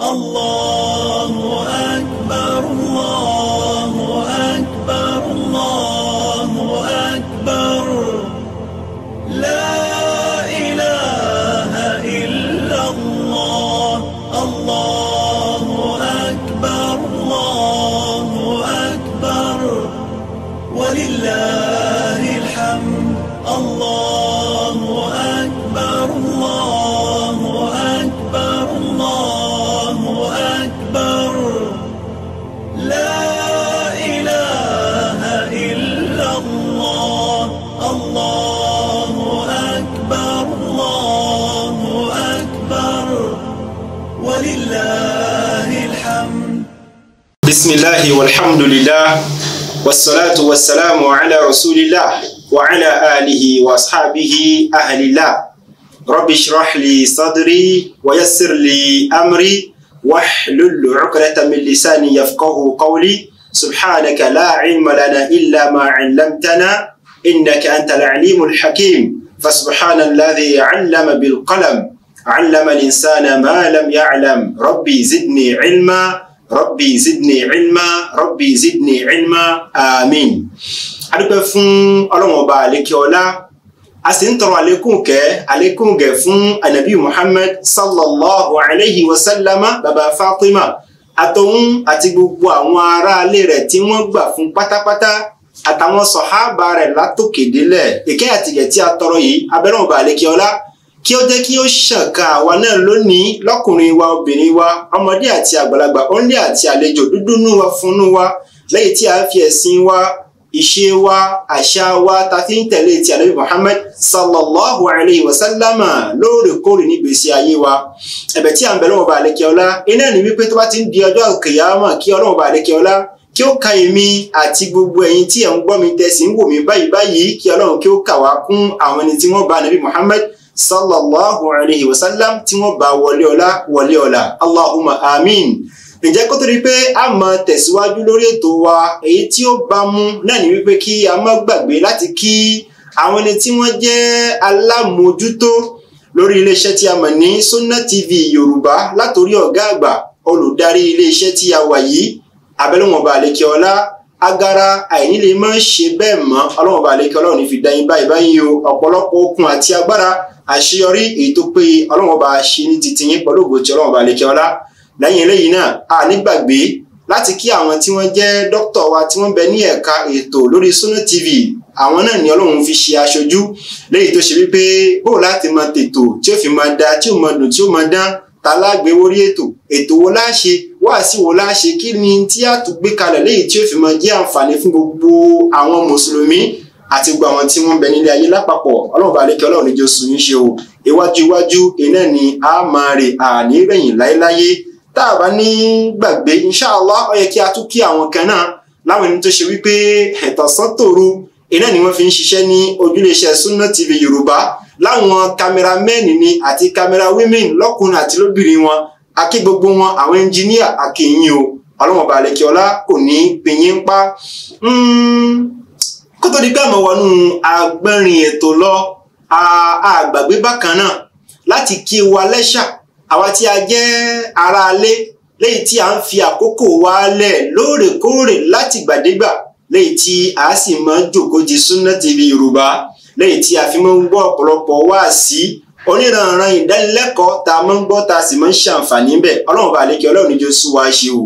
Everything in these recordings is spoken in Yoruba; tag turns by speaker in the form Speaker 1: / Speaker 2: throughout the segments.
Speaker 1: الله أكبر
Speaker 2: بسم الله والحمد لله والصلاة والسلام على رسول الله وعلى آله وأصحابه أهل الله رب اشرح لي صدري ويسر لي أمري واحلل عقدة من لساني يفقه قولي سبحانك لا علم لنا إلا ما علمتنا إنك أنت العليم الحكيم فسبحان الذي علم بالقلم علم الإنسان ما لم يعلم ربي زدني علما rọ́bì zidni ilma rọ́bì zidni ilma amin. adúpẹ́ fún ọlọ́run ọba àlékè ọlá a sì ń tọrọ àlékún kẹ́ àlékún gẹ̀ fún anabi muhammad sallallahu alayhi wa sallama baba fatima àtòun àti gbogbo àwọn aráalé rẹ̀ tí wọ́n gbà fún pátápátá àtàwọn sọ̀hábà rẹ̀ látòkèdélẹ̀ ìkẹ́ àtìgẹ̀ tí yìí abẹ́rẹ́ ọba àlékè ọlá kí ó jẹ́ kí ó ṣàǹkà àwa náà lónìí lọ́kùnrin wa obìnrin wa ọmọdé àti àgbàlagbà òǹdè àti àlejò dúdúnú wa fúnnú wa lẹ́yìn tí a fi ẹ̀sìn wa ìṣe wa àṣà wa ta fi ń tẹ̀lé ti ànábì Muhammad sallallahu alayhi wa sallama lóòrèkóòrè ní gbèsè ayé wa ẹ̀bẹ̀ tí à ń bẹ lọ́wọ́ bá àlékè ọlá iná ní wípé tó bá ti ń di ọjọ́ àkèyàmọ̀ kí ọlọ́wọ́ bá àlékè ọlá kí ó ka èmi àti gbogbo ẹ̀yin tí ẹ̀ ń gbọ́ mi tẹ̀sí ń wò mí báyìí báyìí kí ọlọ́run kí ó kà wá kún àwọn ẹni tí wọ́n bá ànábì Muhammad sallallahu alayhi wa sallam tí wọ́n bá wọlé ọlá wọlé ọlá allahumma amin ǹjẹ́ kó tó rí pé a máa tẹ̀síwájú lórí ètò wa èyí tí ó bá mú náà ní wípé kí a má gbàgbé láti kí àwọn ẹni tí wọ́n jẹ́ alámòójútó lórí iléeṣẹ́ tí a mọ̀ ní Sunna TV Yorùbá látòrí ọ̀gá àgbà olùdarí iléeṣẹ́ tí a wà yìí abẹ́lẹ́wọ̀n bá àlékè ọlá agara àìnílè máa ń ṣe bẹ́ẹ̀ mọ́ ọlọ́wọ̀n bá àlékè ọlá ò ní fi dá yín báyìí báyìí o ọ̀pọ̀lọpọ̀ okun àti agbára àṣeyọrí èyí tó péye ọlọ́run ọba ṣe ní titi yín pẹ̀lú ògo tí ọlọ́run ọba lè kẹ́ ọlá lẹ́yìn eléyìí náà a nígbàgbé láti kí àwọn tí wọ́n jẹ́ dókítà wa tí wọ́n bẹ ní ẹ̀ka ètò lórí Sunna TV àwọn náà ni ọlọ́run fi ṣe aṣojú léyìí tó ṣe wípé bóò láti máa tètò tí ó fi máa da tí ó máa dùn tí ó máa dán talágbéwórí ètò ètò wo la ṣe wáàsí wo la kí ni tí a kalẹ̀ léyìí tí ó fi máa jẹ́ àǹfààní fún gbogbo àwọn mùsùlùmí àti gbogbo àwọn tí wọ́n ń bẹ nílé ayé lápapọ̀ ọlọ́run bá lékè ọlọ́run níjó sun yín ṣe o iwájú iwájú iná ni a máa rè àní rẹ̀yìn láéláyé tá a bá ní gbàgbé inṣàlá ó yẹ kí a tún kí àwọn kan náà láwọn ẹni tó ṣe wípé ẹ̀tọ̀sán tòru iná ni wọ́n fi ń ṣiṣẹ́ ní ojúléeṣẹ́ Sunna TV Yorùbá láwọn kámẹ́rámẹ́ẹ̀nì ni àti kámẹ́rà wímìn àti lóbìnrin wọn akí gbogbo wọn àwọn ẹnjìníà akínyìn o ọlọ́wọ́n balẹ̀ kí ọlá kò ní pinyín pa. Hmm kó tó di pé àmọ́ wọnú agbẹ́rin ètò lọ àgbàgbé bákan náà láti kí wa lẹ́ṣà àwa tí a jẹ́ aráalé lẹ́yìn tí a ń fi àkókò wa lẹ̀ lóòrèkóòrè láti gbàdégbà lẹ́yìn tí a sì máa ń jókòó ti Sunna TV Yorùbá lẹ́yìn tí a fi máa ń gbọ́ ọ̀pọ̀lọpọ̀ wáàsí oníranran ìdánilẹ́kọ̀ọ́ tá a máa ń gbọ́ tá a sì máa ń ṣàǹfààní bẹ̀ ọlọ́run bá lékè ọlọ́run níjó sú wa ṣe o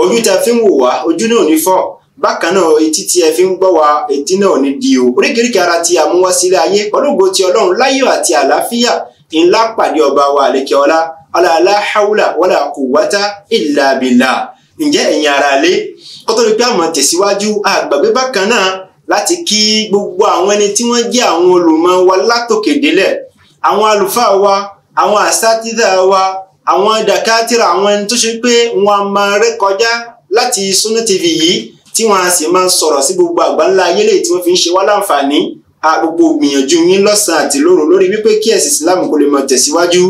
Speaker 2: ojú tá a fi ń wò wá ojú náà ní fọ́ bákan náà etí tí ẹ fi ń gbọ́ wa etí náà ò ní di o oríkèéríkèé ara tí a mú wá sílé ayé ológo ti ọlọ́run láyọ̀ àti àlàáfíà ńlá pàdé ọba wa àlékẹ́ ọlá ọlọ́ọ̀lá haúlà wọlé quwwata illa billah ǹjẹ́ ẹ̀yin ara lé kó tó di pé àmọ́ tẹ̀síwájú àgbàgbé bákan náà láti kí gbogbo àwọn ẹni tí wọ́n jẹ́ àwọn olùmọ̀ wa látòkè délẹ̀ àwọn àlùfáà wa àwọn àsátìdá wa àwọn dàkátìrà àwọn ẹni tó ṣe láti Sunna TV yìí tí wọ́n á sì máa sọ̀rọ̀ sí gbogbo àgbáńlá ayé lè tí wọ́n fi ń ṣe wá láǹfààní a gbogbo gbìyànjú yín lọ́sàn-án àti lóru lórí wípé kí ẹ̀sìn Islam kó lè mọ tẹ̀síwájú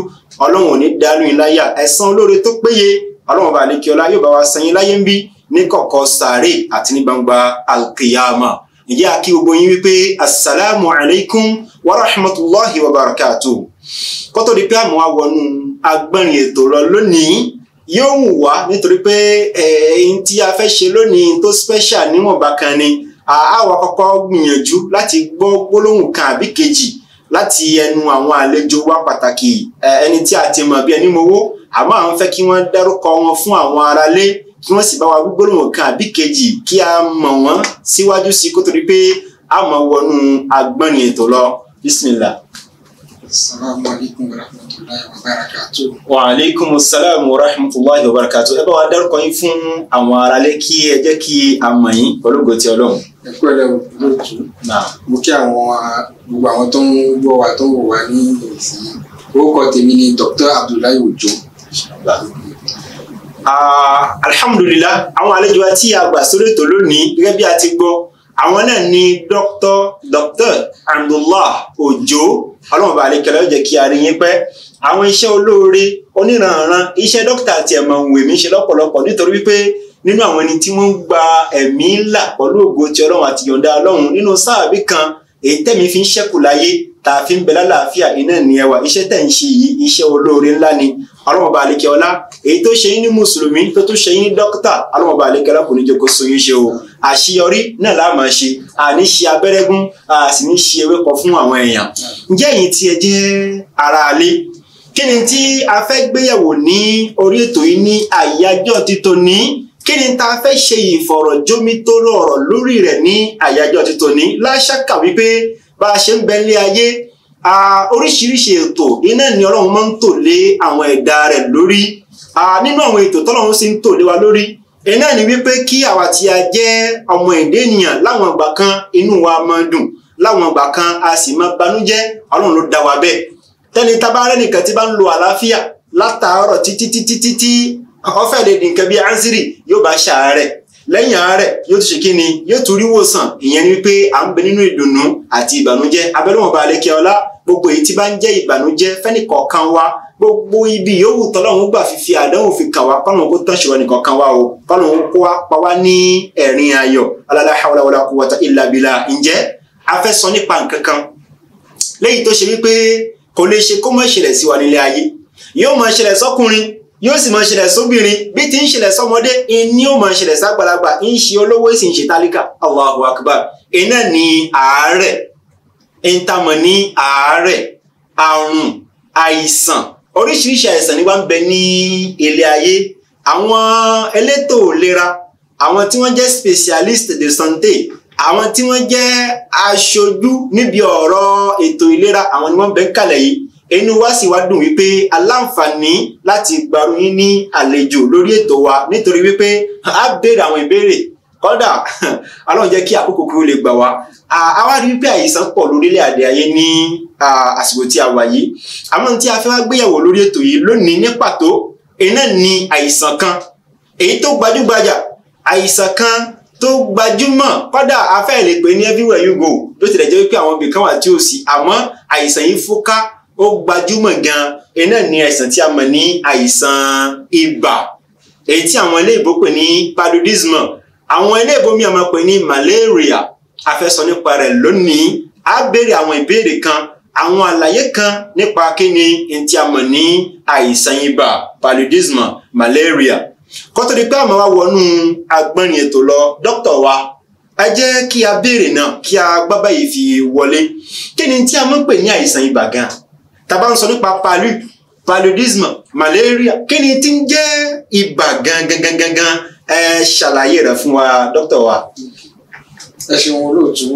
Speaker 2: ọlọ́run ò ní dànù yín láyà ẹ̀san olóore tó péye ọlọ́run bá àlekí ọlá yóò bá wa san yín láyé ń bí ní kọ̀kọ̀ sàárè àti ní gbangba alkiyama ìyá kí gbogbo yín wípé asalaamu alaykum wa rahmatulahi wa barakatu kótó di pé àmọ́ àwọn agbọ́nrin ètò lọ lónìí yóò wù wá nítorí pé ẹ̀ẹ́n tí a fẹ́ ṣe lónìí tó special níwọ̀nba kan ni àwa kọ́kọ́ gbìyànjú láti gbọ́ gbólóhùn kan àbí kejì láti ẹnu àwọn àlejò wa pàtàkì ẹni tí a ti mọ̀ bí ẹni mowó àmọ́ àwọn fẹ́ kí wọ́n dárúkọ wọn fún àwọn aráalé kí wọ́n sì bá wa gbólóhùn kan àbí kejì kí a mọ̀ wọ́n síwájú sí kó torí pé a mọ̀ wọnú agbọ́nrin ètò lọ bísímìlà.
Speaker 3: Assalamu alaikum warahmatullahi wabarakatuh.
Speaker 2: Wa alaikum assalam warahmatullahi wabarakatuh. Ẹ bá wa dárúkọ yín fún àwọn aráalé kí ẹ jẹ́ kí a mọ̀ yín pẹ̀lú ògo ti Ọlọ́run.
Speaker 3: Ẹ kú ẹ̀rẹ́ olóòtú. Mo kí àwọn gbogbo àwọn tó ń gbọ́ wa tó ń wò wá ní ìsìn. Orúkọ tèmi ni Dr. Abdullahi Ojo.
Speaker 2: Alhamdulillah, àwọn àlejò wa tí a gbà sórí ètò lónìí gẹ́gẹ́ bí a ti gbọ́, àwọn náà ni Dr. Dr. Abdullahi Ojo ọlọ́run bá lè kẹlẹ́ yóò jẹ́ kí a rí yín pẹ́ àwọn iṣẹ́ olóore oníranran iṣẹ́ dókítà àti ẹ̀mọ̀ òun èmi ṣe lọ́pọ̀lọpọ̀ nítorí wípé nínú àwọn ẹni tí wọ́n ń gba ẹ̀mí ńlá pẹ̀lú ògo ti ọlọ́run àti yọ̀ǹda ọlọ́run nínú sáàbì kan èyí tẹ̀mí fi ń ṣẹ́kù láyé tá a fi iná ní iṣẹ́ tẹ̀ ń ṣe yìí iṣẹ́ olóore ńlá ni alọ́mọba àlekẹ́ ọlá èyí tó ṣe yín ní mùsùlùmí tó tún ṣe yín ní dókítà alọ́mọba àlekẹ́ ọlá kò ní jẹ́ so yín ṣe o àṣeyọrí náà la máa ṣe àní ṣe abẹ́rẹ́gún a sì ní ṣe ewéko fún àwọn èèyàn ǹjẹ́ èyí tiẹ̀ jẹ́ ara alé kí ni tí a fẹ́ gbéyẹ̀wò ní orí ètò yìí ní àyájọ́ títò ní kí ni tá a fẹ́ ṣe ìfọ̀rọ̀jómitóró ọ̀rọ̀ lórí rẹ̀ ní àyájọ́ títò ní láṣàkà wípé bá a ṣe ń bẹ nílé ayé oríṣiríṣi ètò iná ni ọlọ́run máa ń tò lé àwọn ẹ̀dá rẹ̀ lórí nínú àwọn ètò tọ́lọ́run sì ń tò lé wa lórí iná ni wípé kí àwa tí a jẹ́ ọmọ èdè ènìyàn láwọn ìgbà kan inú wa máa dùn láwọn ìgbà kan a sì máa banújẹ́ ọlọ́run ló dá wa bẹ́ẹ̀ tẹ́ni tabarẹ́ nìkan ti bá ń lo àlàáfíà látàárọ̀ títí títí lè dín bí ansiri yóò bá ṣàárẹ̀ lẹ́yìn àárẹ̀ yóò tún ṣe kí ni yóò tún rí wòsàn ìyẹn ni wípé à ń bẹ nínú ìdùnnú àti ìbànújẹ́ abẹ́lẹ́wọ̀n balẹ̀ kí ọlá gbogbo èyí tí bá ń jẹ́ ìbànújẹ́ fẹ́nìkọ̀ọ̀kan wa gbogbo ibi yòówù tọ́lọ́run gbà fífi àdánwò fi kàn wá kọ́lọ́run kó tán ṣe nìkan kan wá o kọ́lọ́run kó wá pa wá ní ẹ̀rín ayọ̀ alala hawla wala quwwata illa billah ǹjẹ́ a fẹ́ sọ nípa nǹkan kan léyìí tó ṣe wípé kò lè ṣe kó má ṣẹlẹ̀ sí wa nílé ayé yóò máa ṣẹlẹ̀ sọ́kùnrin yóò sì máa ṣẹlẹ̀ sóbìnrin bí ti ń ṣẹlẹ̀ sọmọdé ni ó máa ṣẹlẹ̀ ságbàlagbà ń ṣe olówó sì ṣe tálíkà allahu akbar iná ní àárẹ̀ ìtàmọ̀ ní àárẹ̀ àrùn àìsàn oríṣiríṣi àìsàn ni wà ń bẹ ní ilé ayé àwọn elétò ìlera àwọn tí wọ́n jẹ́ specialist de santé àwọn tí wọ́n jẹ́ aṣojú níbi ọ̀rọ̀ ètò ìlera àwọn ni wọ́n bẹ ń yìí inú wa sì wá dùn wípé aláǹfààní láti gbaru yín ní àlejò lórí ètò wa nítorí wípé a béèrè àwọn ìbéèrè kódà Ọlọ́run jẹ́ kí àkókò kí ó lè gbà wá a wá rí wípé àìsàn pọ̀ lórílẹ̀ àdé ayé ní àsìkò tí a wà yìí àmọ́ tí a fẹ́ wá gbéyẹ̀wò lórí ètò yìí lónìí ní pàtó iná ni àìsàn kan èyí tó gbajúgbajà àìsàn kan tó gbajúmọ̀ kódà afẹ́ lè pè ní everywhere you go ló tilẹ̀ jẹ́ wípé àwọn ibì kan wà tí ò sí àmọ́ àìsàn yìí fúnká ó gbajúmọ̀ gan iná ní àìsàn tí a mọ̀ ní àìsàn ibà èyí tí àwọn iléèbó pè ní paludism àwọn iléèbó mi àmọ́ pè ní malaria a fẹ́ sọ nípa rẹ̀ lónìí a béèrè àwọn ìbéèrè kan àwọn àlàyé kan nípa kíni n tí a mọ̀ ní àìsàn ibà paludism malaria kótó di pé àmọ́ wa wọnú agbọ́nrin ètò lọ dókítà wa ẹ jẹ́ kí a béèrè náà kí a gbábàyè fi wọlé kí ni tí a mọ̀ pè ní àìsàn ibà gan-an tàbá ń sọ nípa palu paludisme malaria kí ni tí ń jẹ́ ibà gangan gangan gangan ẹ ṣàlàyé rẹ̀ fún wa dókítà wa.
Speaker 3: ẹ ṣeun olóòtú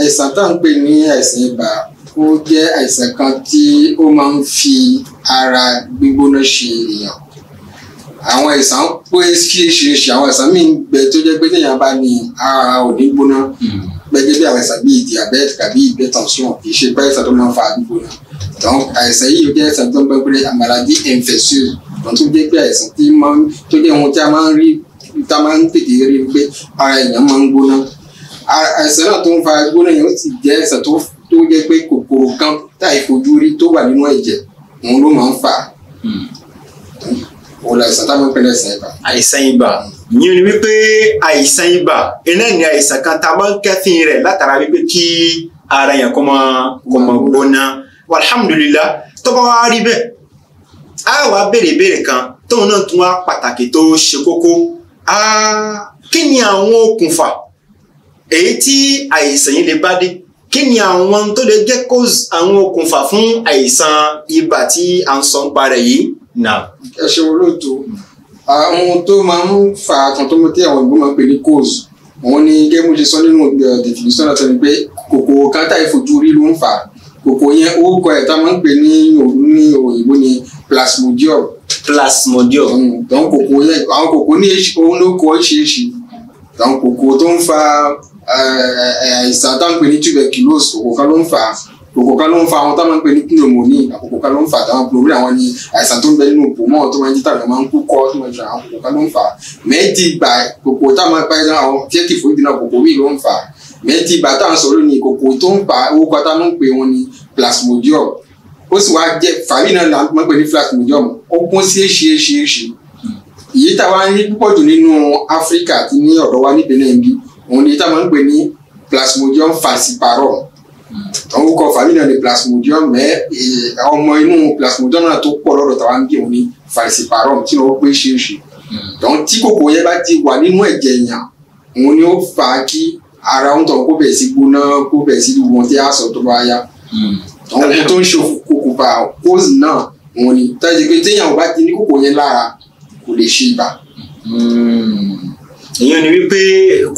Speaker 3: àìsàn tá à ń pè ní àìsàn ibà ó jẹ́ àìsàn kan tí ó máa ń fi ara gbígbóná ṣe ènìyàn àwọn àìsàn pé ṣíṣe àwọn àìsàn míì ń gbẹ tó jẹ́ pé téèyàn bá ní ara ò ní gbóná hmm gẹ́gẹ́ bí àwọn àìsàn bíi diabetes tàbí hypertension kì í ṣe pé àìsàn tó máa ń fa àdúgbò náà donc àìsàn yìí ó jẹ́ àìsàn tó ń gbẹ́ pé àmàlàdí infectious tó tó jẹ́ pé àìsàn tí máa ń tó jẹ́ ohun tí a máa ń rí tá a máa ń tètè rí pé ara èèyàn máa ń gbóná àìsàn náà tó ń fa gbóná yẹn ó sì jẹ́ àìsàn tó jẹ́ pé kòkòrò kan tá rí tó wà nínú ẹ̀jẹ̀ òun ló máa ń fà òun làìsàn táwọn ń pè ní àìsàn ibà. àìsàn ibà yín ni wípé àìsàn ibà iná ní
Speaker 2: àìsàn kan tá a máa ń kẹ́fín rẹ̀ látara wípé kí ara yẹn kó máa kó máa gbóná alhamdulillah tó bá rí bẹ́ẹ̀ á wàá béèrè béèrè kan tóun náà tún wá pàtàkì tó ṣe kókó kí ni àwọn okùnfà èyí tí àìsàn yìí lè bá dé kí ni àwọn tó lè jẹ́ cause àwọn
Speaker 3: okùnfà fún àìsàn ibà tí à ń sọ ń parẹ́ yìí ẹ ṣe olóòtú àwọn tó máa ń fa àtàn tó mú tí àwọn ìgbó máa ń pè ní cause òun ni gẹ́gẹ́ mo ṣe sọ nínú eh, definition náà tẹ̀lé pé kòkòrò kan táì fojú rí ló ń fà á kòkò yẹn orúkọ ẹ̀ tá a máa ń pè ní ní òyìnbó ni plasmodium. plasmodium. Hmm, àwọn kòkò yẹn àwọn kòkò ní òun ló kọ oríṣiríṣi àwọn kòkò tó ń fa eh, eh, àìsàn pè ní tuberculosis kòkò kan ló ń fà kòkò kan ló ń fa àwọn táwọn ń pè ní pneumonia ní àkókò kan ló ń fa àtàwọn pneumonia àwọn ni àìsàn tó ń bẹ nínú pòmọ́ tó máa ń jí tàbí máa ń kú kọ́ tó máa ń jọ àwọn kòkò kan ló ń fa méjì gbà kòkò táwọn ẹgbẹ́ ẹ̀dá àwọn tíẹ́kì fún ìdènà kòkò míì ló ń fa méjì gbà táwọn sọ̀rọ̀ ní kòkò tó ń fa owó pátá ló ń pè wọn ní plasmodium ó sì wá jẹ fàmí náà là máa ń pè ní plasmodium ó kún sí eṣeéṣeéṣe èyí táwa ń rí púpọ̀ jù nínú Áfíríkà àti ní ọ̀dọ̀ plasmodium falciparum àwọn orúkọ fàmílì náà ni plasmodium mẹ ọmọ inú plasmodium náà tó pọ̀ lọ́dọ̀ tàwa ń bí òun ní falciparum tí wọn pé ṣeéṣe tọ́n hmm. tí kòkòrò yẹn bá ti wà nínú ẹ̀jẹ̀ èèyàn òun ni ó fà á kí ara ń tọ̀ kó bẹ̀rẹ̀ sí gbóná kó bẹ̀rẹ̀ sí wọn tí a sọ tó bá yá hmm. àwọn ohun tó ń ṣokùnfà kóòsì náà òun ni tọ́jú pé téèyàn bá ti ní kòkòrò yẹn lára kò lè ṣe ibà hmm. ìyẹn ni wípé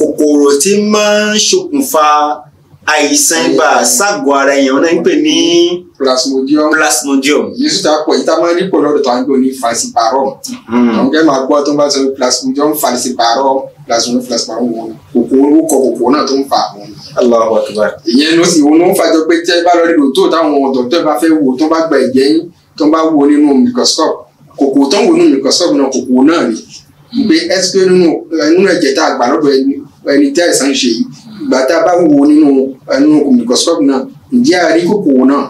Speaker 3: kòkòrò tí máa ń ṣokùnfà àìsàn ibà ságọ́ ara èèyàn náà ń pè ní. plasmodium plasmodium. yéésù tá a pọ̀ yìí tá a máa rí pọ̀ lọ́dọ̀ tó à ń gbọ́ ní falciparum. Hmm. àwọn kẹ́ni máa gbọ́ tó ń bá sọ plasmodium falciparum plasmodium falciparum wọn kòkòrò orúkọ kòkòrò náà tó ń fa àwọn. Allahu akbar. ìyẹn ló sì wọn ló ń fàjọ pé tẹ́ bá lọ rí dòtó táwọn dòtó bá fẹ́ wò tó bá gba ẹ̀jẹ̀ yín tó bá wò nínú microscope kòkòrò tó ń wò nínú microscope náà kòkòrò náà ni pé ẹ ìgbà tá a bá wò nínú ẹnu omicroscope náà ǹjẹ́ a rí kòkòrò náà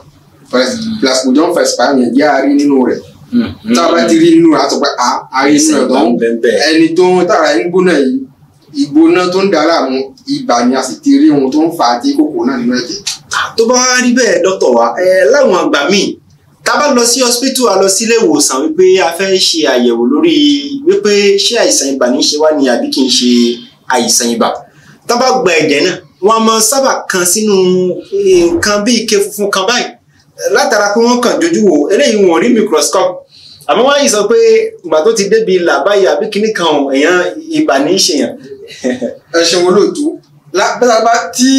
Speaker 3: plasmodium falciparum ǹjẹ́ a rí nínú rẹ̀ hmm, hmm, tá a bá ti rí nínú rẹ̀ a
Speaker 1: sọ pé a ah, a rí nínú rẹ̀ tán
Speaker 3: ẹni tó ń tàrà ń gbóná yìí ìgbóná tó ń dára mu ibà ni a sì ti rí ohun tó ń fa àti kòkòrò náà nínú ẹ̀jẹ̀. tó bá wá rí bẹ́ẹ̀ dọ́tọ̀ wa ẹ
Speaker 2: láwọn àgbà míì tá a bá lọ sí hospital a lọ sí ilé ìwòsàn wípé a fẹ́ ṣe àyẹ̀wò lórí wípé ṣé àìsàn ibà ní í ṣe wá ni àbí kì í ṣe àìsàn ibà tán bá gba ẹ̀jẹ̀ náà wọ́n máa sábà kan sínú nǹkan eh, bí ike funfun kan báyìí látara pé wọ́n kàn dojú wò eléyìí wọ́n rí microscope àmọ́ wọ́n á yìí sọ pé ìgbà tó ti débi là báyìí àbí kíní kan ò èèyàn ibà ní í ṣèyàn. ẹ ṣeun olóòtú
Speaker 3: lábẹ́lábá tí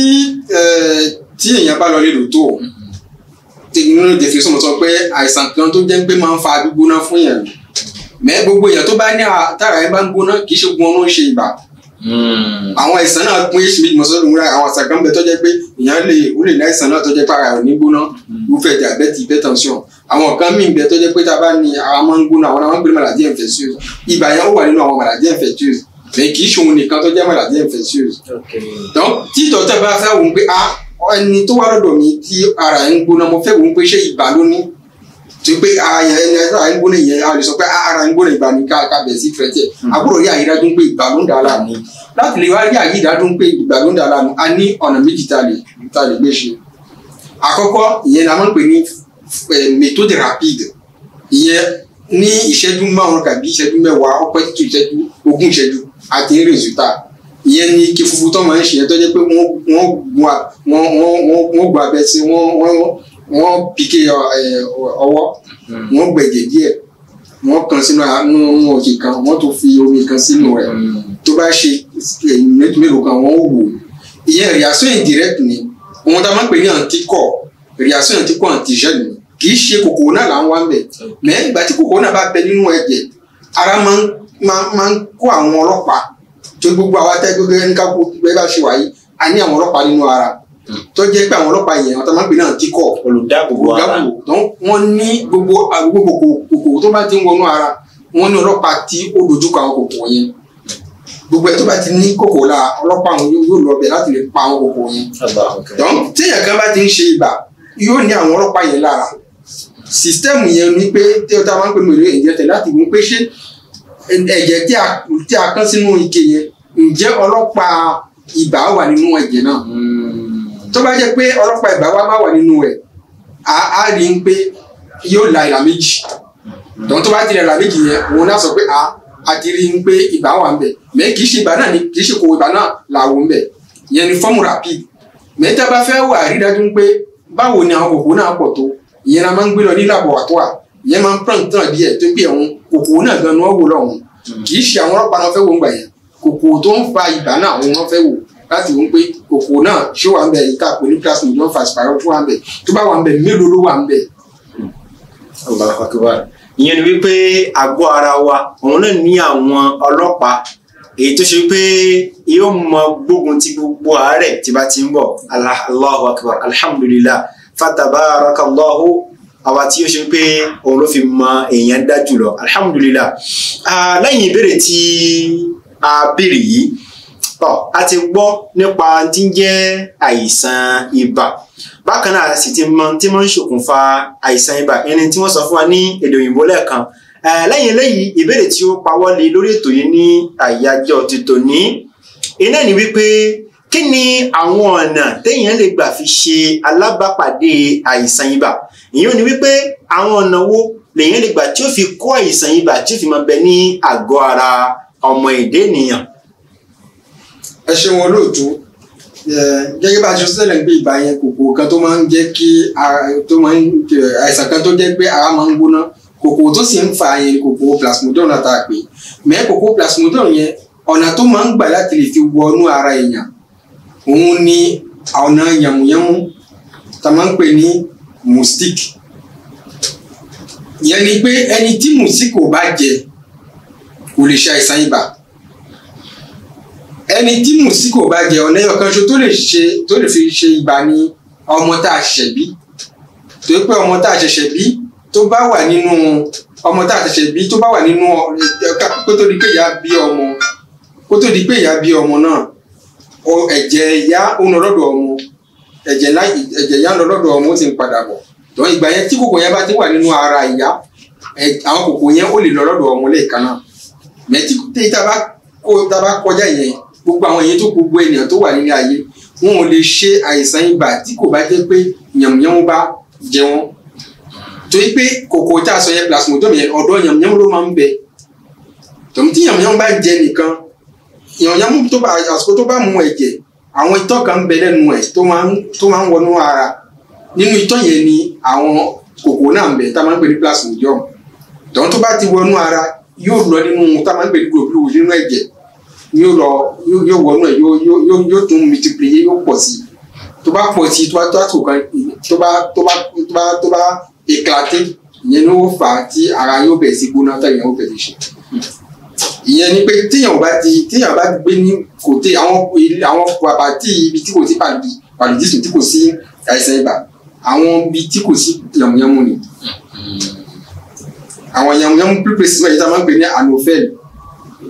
Speaker 3: tí èèyàn bá lọ lè lò tó o nínú ìdẹ̀fẹ́ sọ̀rọ̀ sọ pé àìsàn kan tó jẹ́ pé máa ń fa gbígbóná fún yẹn mẹ́ gbogbo èèyàn tó bá ní àtàrà ẹ̀ bá ń gbóná kì í ṣe gun ọ̀run
Speaker 1: Hmm.
Speaker 3: àwọn àìsàn náà pín èsì méjì mọ́sọ́dún wúrà àwọn àṣà kan bẹ tó jẹ́ pé èèyàn lè ó lè ní àìsàn náà tó jẹ́ pé ara ò ní gbóná hmm. irúfẹ́ diabeti ibẹ̀ tension àwọn kan míì bẹ tó jẹ́ pé tá a bá ní ara máa ń gbóná àwọn náà wọ́n maladie infectieuse ibà yẹn ó wà nínú àwọn maladie infectieuse mais kì í ṣòun nìkan tó jẹ́ maladie infectieuse. donc tí dókítà bá fẹ́ wò ó pé ah, ẹni tó wá lọ́dọ̀ mi tí ara ẹ̀ ń gbóná mo fẹ́ wò ó pé ṣé ibà ló ní tó pé ẹni ẹni ara ń gbóná yẹn a lè sọ pé ara ń gbóná ìgbà ní kábẹ̀ sí fẹ́ tẹ̀ àbúrò rí àyè dájú pé ìgbà ló ń da ara ni láti lè wá rí àyè dájú pé ìgbà ló ń da ara ni a ní ọ̀nà méjì tá a lè gbé ṣe àkọ́kọ́ ìyẹn la máa ń pè ní eh, méthode rapide ìyẹn ní ìṣẹ́jú márùn tàbí ìṣẹ́jú mẹ́wàá ọpẹ́ tó ìṣẹ́jú ogún ìṣẹ́jú àti rèzútà ìyẹn ní ike funfun tó máa ń ṣe yẹn tó jẹ́ pé wọ́n gun abẹ sí wọ́n wọ́n pike ọwọ́ hmm. wọ́n gbẹ̀jẹ̀ díẹ̀ wọ́n kan sínú àánú òkè kan wọ́n tó fi omi kan sínú rẹ̀ hmm. tó bá ṣe mélòó kan wọ́n wò ìyẹn reaction indirect ni ohun tá a máa ń pè ní antikọ̀ reaction antikọ̀ antigen ni kì í ṣe kòkòrò náà là ń wá ń bẹ̀ mẹ́ hmm. ìgbà tí kòkòrò náà bá bẹ nínú ẹ̀jẹ̀ ara máa ń kó àwọn ọlọ́pàá tó gbogbo àwa tẹ́ gbogbo ẹni ká gbogbo ẹ bá ṣe wáyé a ní àwọn ọlọ́pàá nínú ara tó jẹ́ pé àwọn ọlọ́pàá yẹn àwọn tó máa ń pè náà díkọ̀ olùdáàbòbò tó ní gbogbo gbogbo kòkòrò tó bá ti ń wọnú ara wọ́n ní ọlọ́pàá tí ó dojúkọ àwọn kòkòrò yẹn gbogbo ẹ tó bá ti ní kòkòrò la ọlọ́pàá àwọn yóò lọ bẹ̀ láti lè pa àwọn kòkòrò yẹn tó téèyàn kan bá ti ń ṣe ibà yóò ní àwọn ọlọ́pàá yẹn lára sísítẹ́ẹ̀mù yẹn ni pé tí ọ̀tá máa ń pè mí lóye ìjẹ́ tẹ̀ láti wọ́n pé ṣé ẹ̀jẹ̀ tí a kán sínú ike yẹn ǹjẹ́ ọlọ́pàá ibà wà nínú ẹ̀jẹ̀ náà hmm tó bá jẹ́ pé ọlọ́pàá ẹ̀gbá wa má wà nínú ẹ̀ á rí i pé yóò la ìlà méjì tọ́n tó bá ti rẹ̀ ìlà méjì yẹn òun náà sọ pé a àti rí i pé ìgbà wà ń bẹ̀ mẹ́ kì í ṣe ìgbà náà ni kì í ṣe kò ìgbà náà làwọn ń bẹ̀ ìyẹn ni fọ́ọ̀mù rapid a bá fẹ́ wà rí dájú pé báwo ni àwọn òkú náà pọ̀ tó ìyẹn la máa ń gbé lọ ní laboratoire ìyẹn máa ń prank tán díẹ̀ tó pé ẹ̀hún òkú náà gan ni wọ́n wò lọ́hùn kì í ṣe àwọn ọlọ́pàá náà fẹ́ wò ń gbà yẹn kòkò tó ń fa ìgbà náà òun fẹ́ wò láti wọ́n pé òfò náà ṣó wà ń bẹ̀ yìí káàpọ̀ ní class million fast parọ́ tó wà ń bẹ̀ tó bá wà ń bẹ̀ mélòó ló wà ń bẹ̀. ìyẹn ni wípé àgọ́ ara wa
Speaker 2: òun náà ní àwọn ọlọ́pàá èyí tó ṣe pé yóò mọ gbógun ti gbogbo àárẹ̀ tí bá ti ń bọ̀ Allahu akbar alhamdulillah fatabarakallahu àwa tí ó ṣe pé òun ló fi mọ èèyàn dá jùlọ alhamdulillah lẹ́yìn ìbéèrè tí a béèrè yìí a ti gbọ́ nípa tí ń jẹ́ àìsàn ibà bákan náà a sì ti mọ tí wọ́n ń ṣokùnfà àìsàn ibà ẹni tí wọ́n sọ fún wa ní èdè òyìnbó lẹ́ẹ̀kan lẹ́yìn eléyìí ìbéèrè tí ó pawọ́ lé lórí ètò yìí ní àyájọ́ ti tòní iná ni wípé kí ni àwọn ọ̀nà téèyàn lè gbà fi ṣe alábàápàdé àìsàn ibà ìyẹn ni wípé àwọn ọ̀nà wo lèèyàn lè gbà tí ó fi kó àìsàn ibà tí ó fi máa bẹ ní
Speaker 3: àgọ́ ara ọmọ èdè ènìyàn ẹ ṣeun olóòtú gẹ́gẹ́ bá a ṣe ṣẹlẹ̀ ń pé ìgbà yẹn kòkòrò kan tó máa ń jẹ́ kí tó máa ń àìsàn kan tó jẹ́ pé ara máa ń gbóná kòkòrò tó sì ń fa yẹn kòkòrò plasmodium náà tá a pè mẹ́ kòkòrò plasmodium yẹn ọ̀nà tó máa ń gbà láti lè fi wọnú ara èèyàn òun ni ọ̀nà yàmùyàmù tá a máa ń pè ní mustic ìyẹn ni pé ẹni tí mustic ò bá jẹ kò lè ṣe àìsàn ibà ẹni tí mùsíkò bá jẹ ọ̀nà ẹyọ kan ṣo tó lè ṣe tó lè fi ṣe ìgbà ni ọmọ tá a ṣẹ̀ṣẹ̀ bí tó pé ọmọ tá a ṣẹ̀ṣẹ̀ bí tó bá wà nínú ọmọ tá a ṣẹ̀ṣẹ̀ bí tó bá wà nínú kó tó di pé ìyá bí ọmọ kó tó di pé ìyá bí ọmọ náà ẹ̀jẹ̀ ìyá ó ń lọ́dọ̀ ọmọ ẹ̀jẹ̀ ìyá ń lọ́dọ̀ ọmọ ó sì ń padà bọ̀ tó ìgbà yẹn tí kòkò yẹn bá ti wà nínú ara ìyá àwọn kòkò yẹn ó lè lọ́dọ̀ ọmọ lẹ́ẹ̀kan náà mẹ́tí tá a bá kọjá yẹn gbogbo àwọn èyí tó gbogbo ènìyàn tó wà nílé ayé wọn ò lè ṣe àìsàn ibà tí kò bá jẹ́ pé yànmùyánmú bá jẹ wọn torí pé kòkòrò tá a sọ yẹn plasmodium yẹn ọ̀dọ̀ yànmùyánmú ló máa ń bẹ tòun tí yànmùyánmú bá jẹ nìkan yànmùyánmú tó bá àsìkò tó bá mu ẹ̀jẹ̀ àwọn itọ́ kan bẹ lẹ́nu ẹ̀ tó máa ń wọnú ara nínú itọ́ yẹn ni àwọn kòkòrò náà ń bẹ tá a máa ń pè ní plasmodium tòun tó bá ti wọnú ara yóò lọ nínú tá a máa ń pè ní globule nínú ẹ̀jẹ̀ yóò lọ yóò wọnú ẹ yóò yóò yóò tún multiplier yóò pọ̀ sí tó bá pọ̀ sí tó bá tó àtò kan tó bá tó bá tó bá tó bá éclaté ìyẹn ló fà á tí ara yóò bẹ̀rẹ̀ sí gbóná tó ìyẹn ó bẹ̀rẹ̀ ṣe ìyẹn ni pé téèyàn bá ti téèyàn bá gbé ní kòtè àwọn àwọn pàtí ibi tí kò sí pàlùdì pàlùdì sùn tí kò sí àìsàn ibà àwọn ibi tí kò sí yàmùyàmù ni àwọn yàmùyàmù pípèsè mẹ́ta máa ń pè ní anofẹ́lì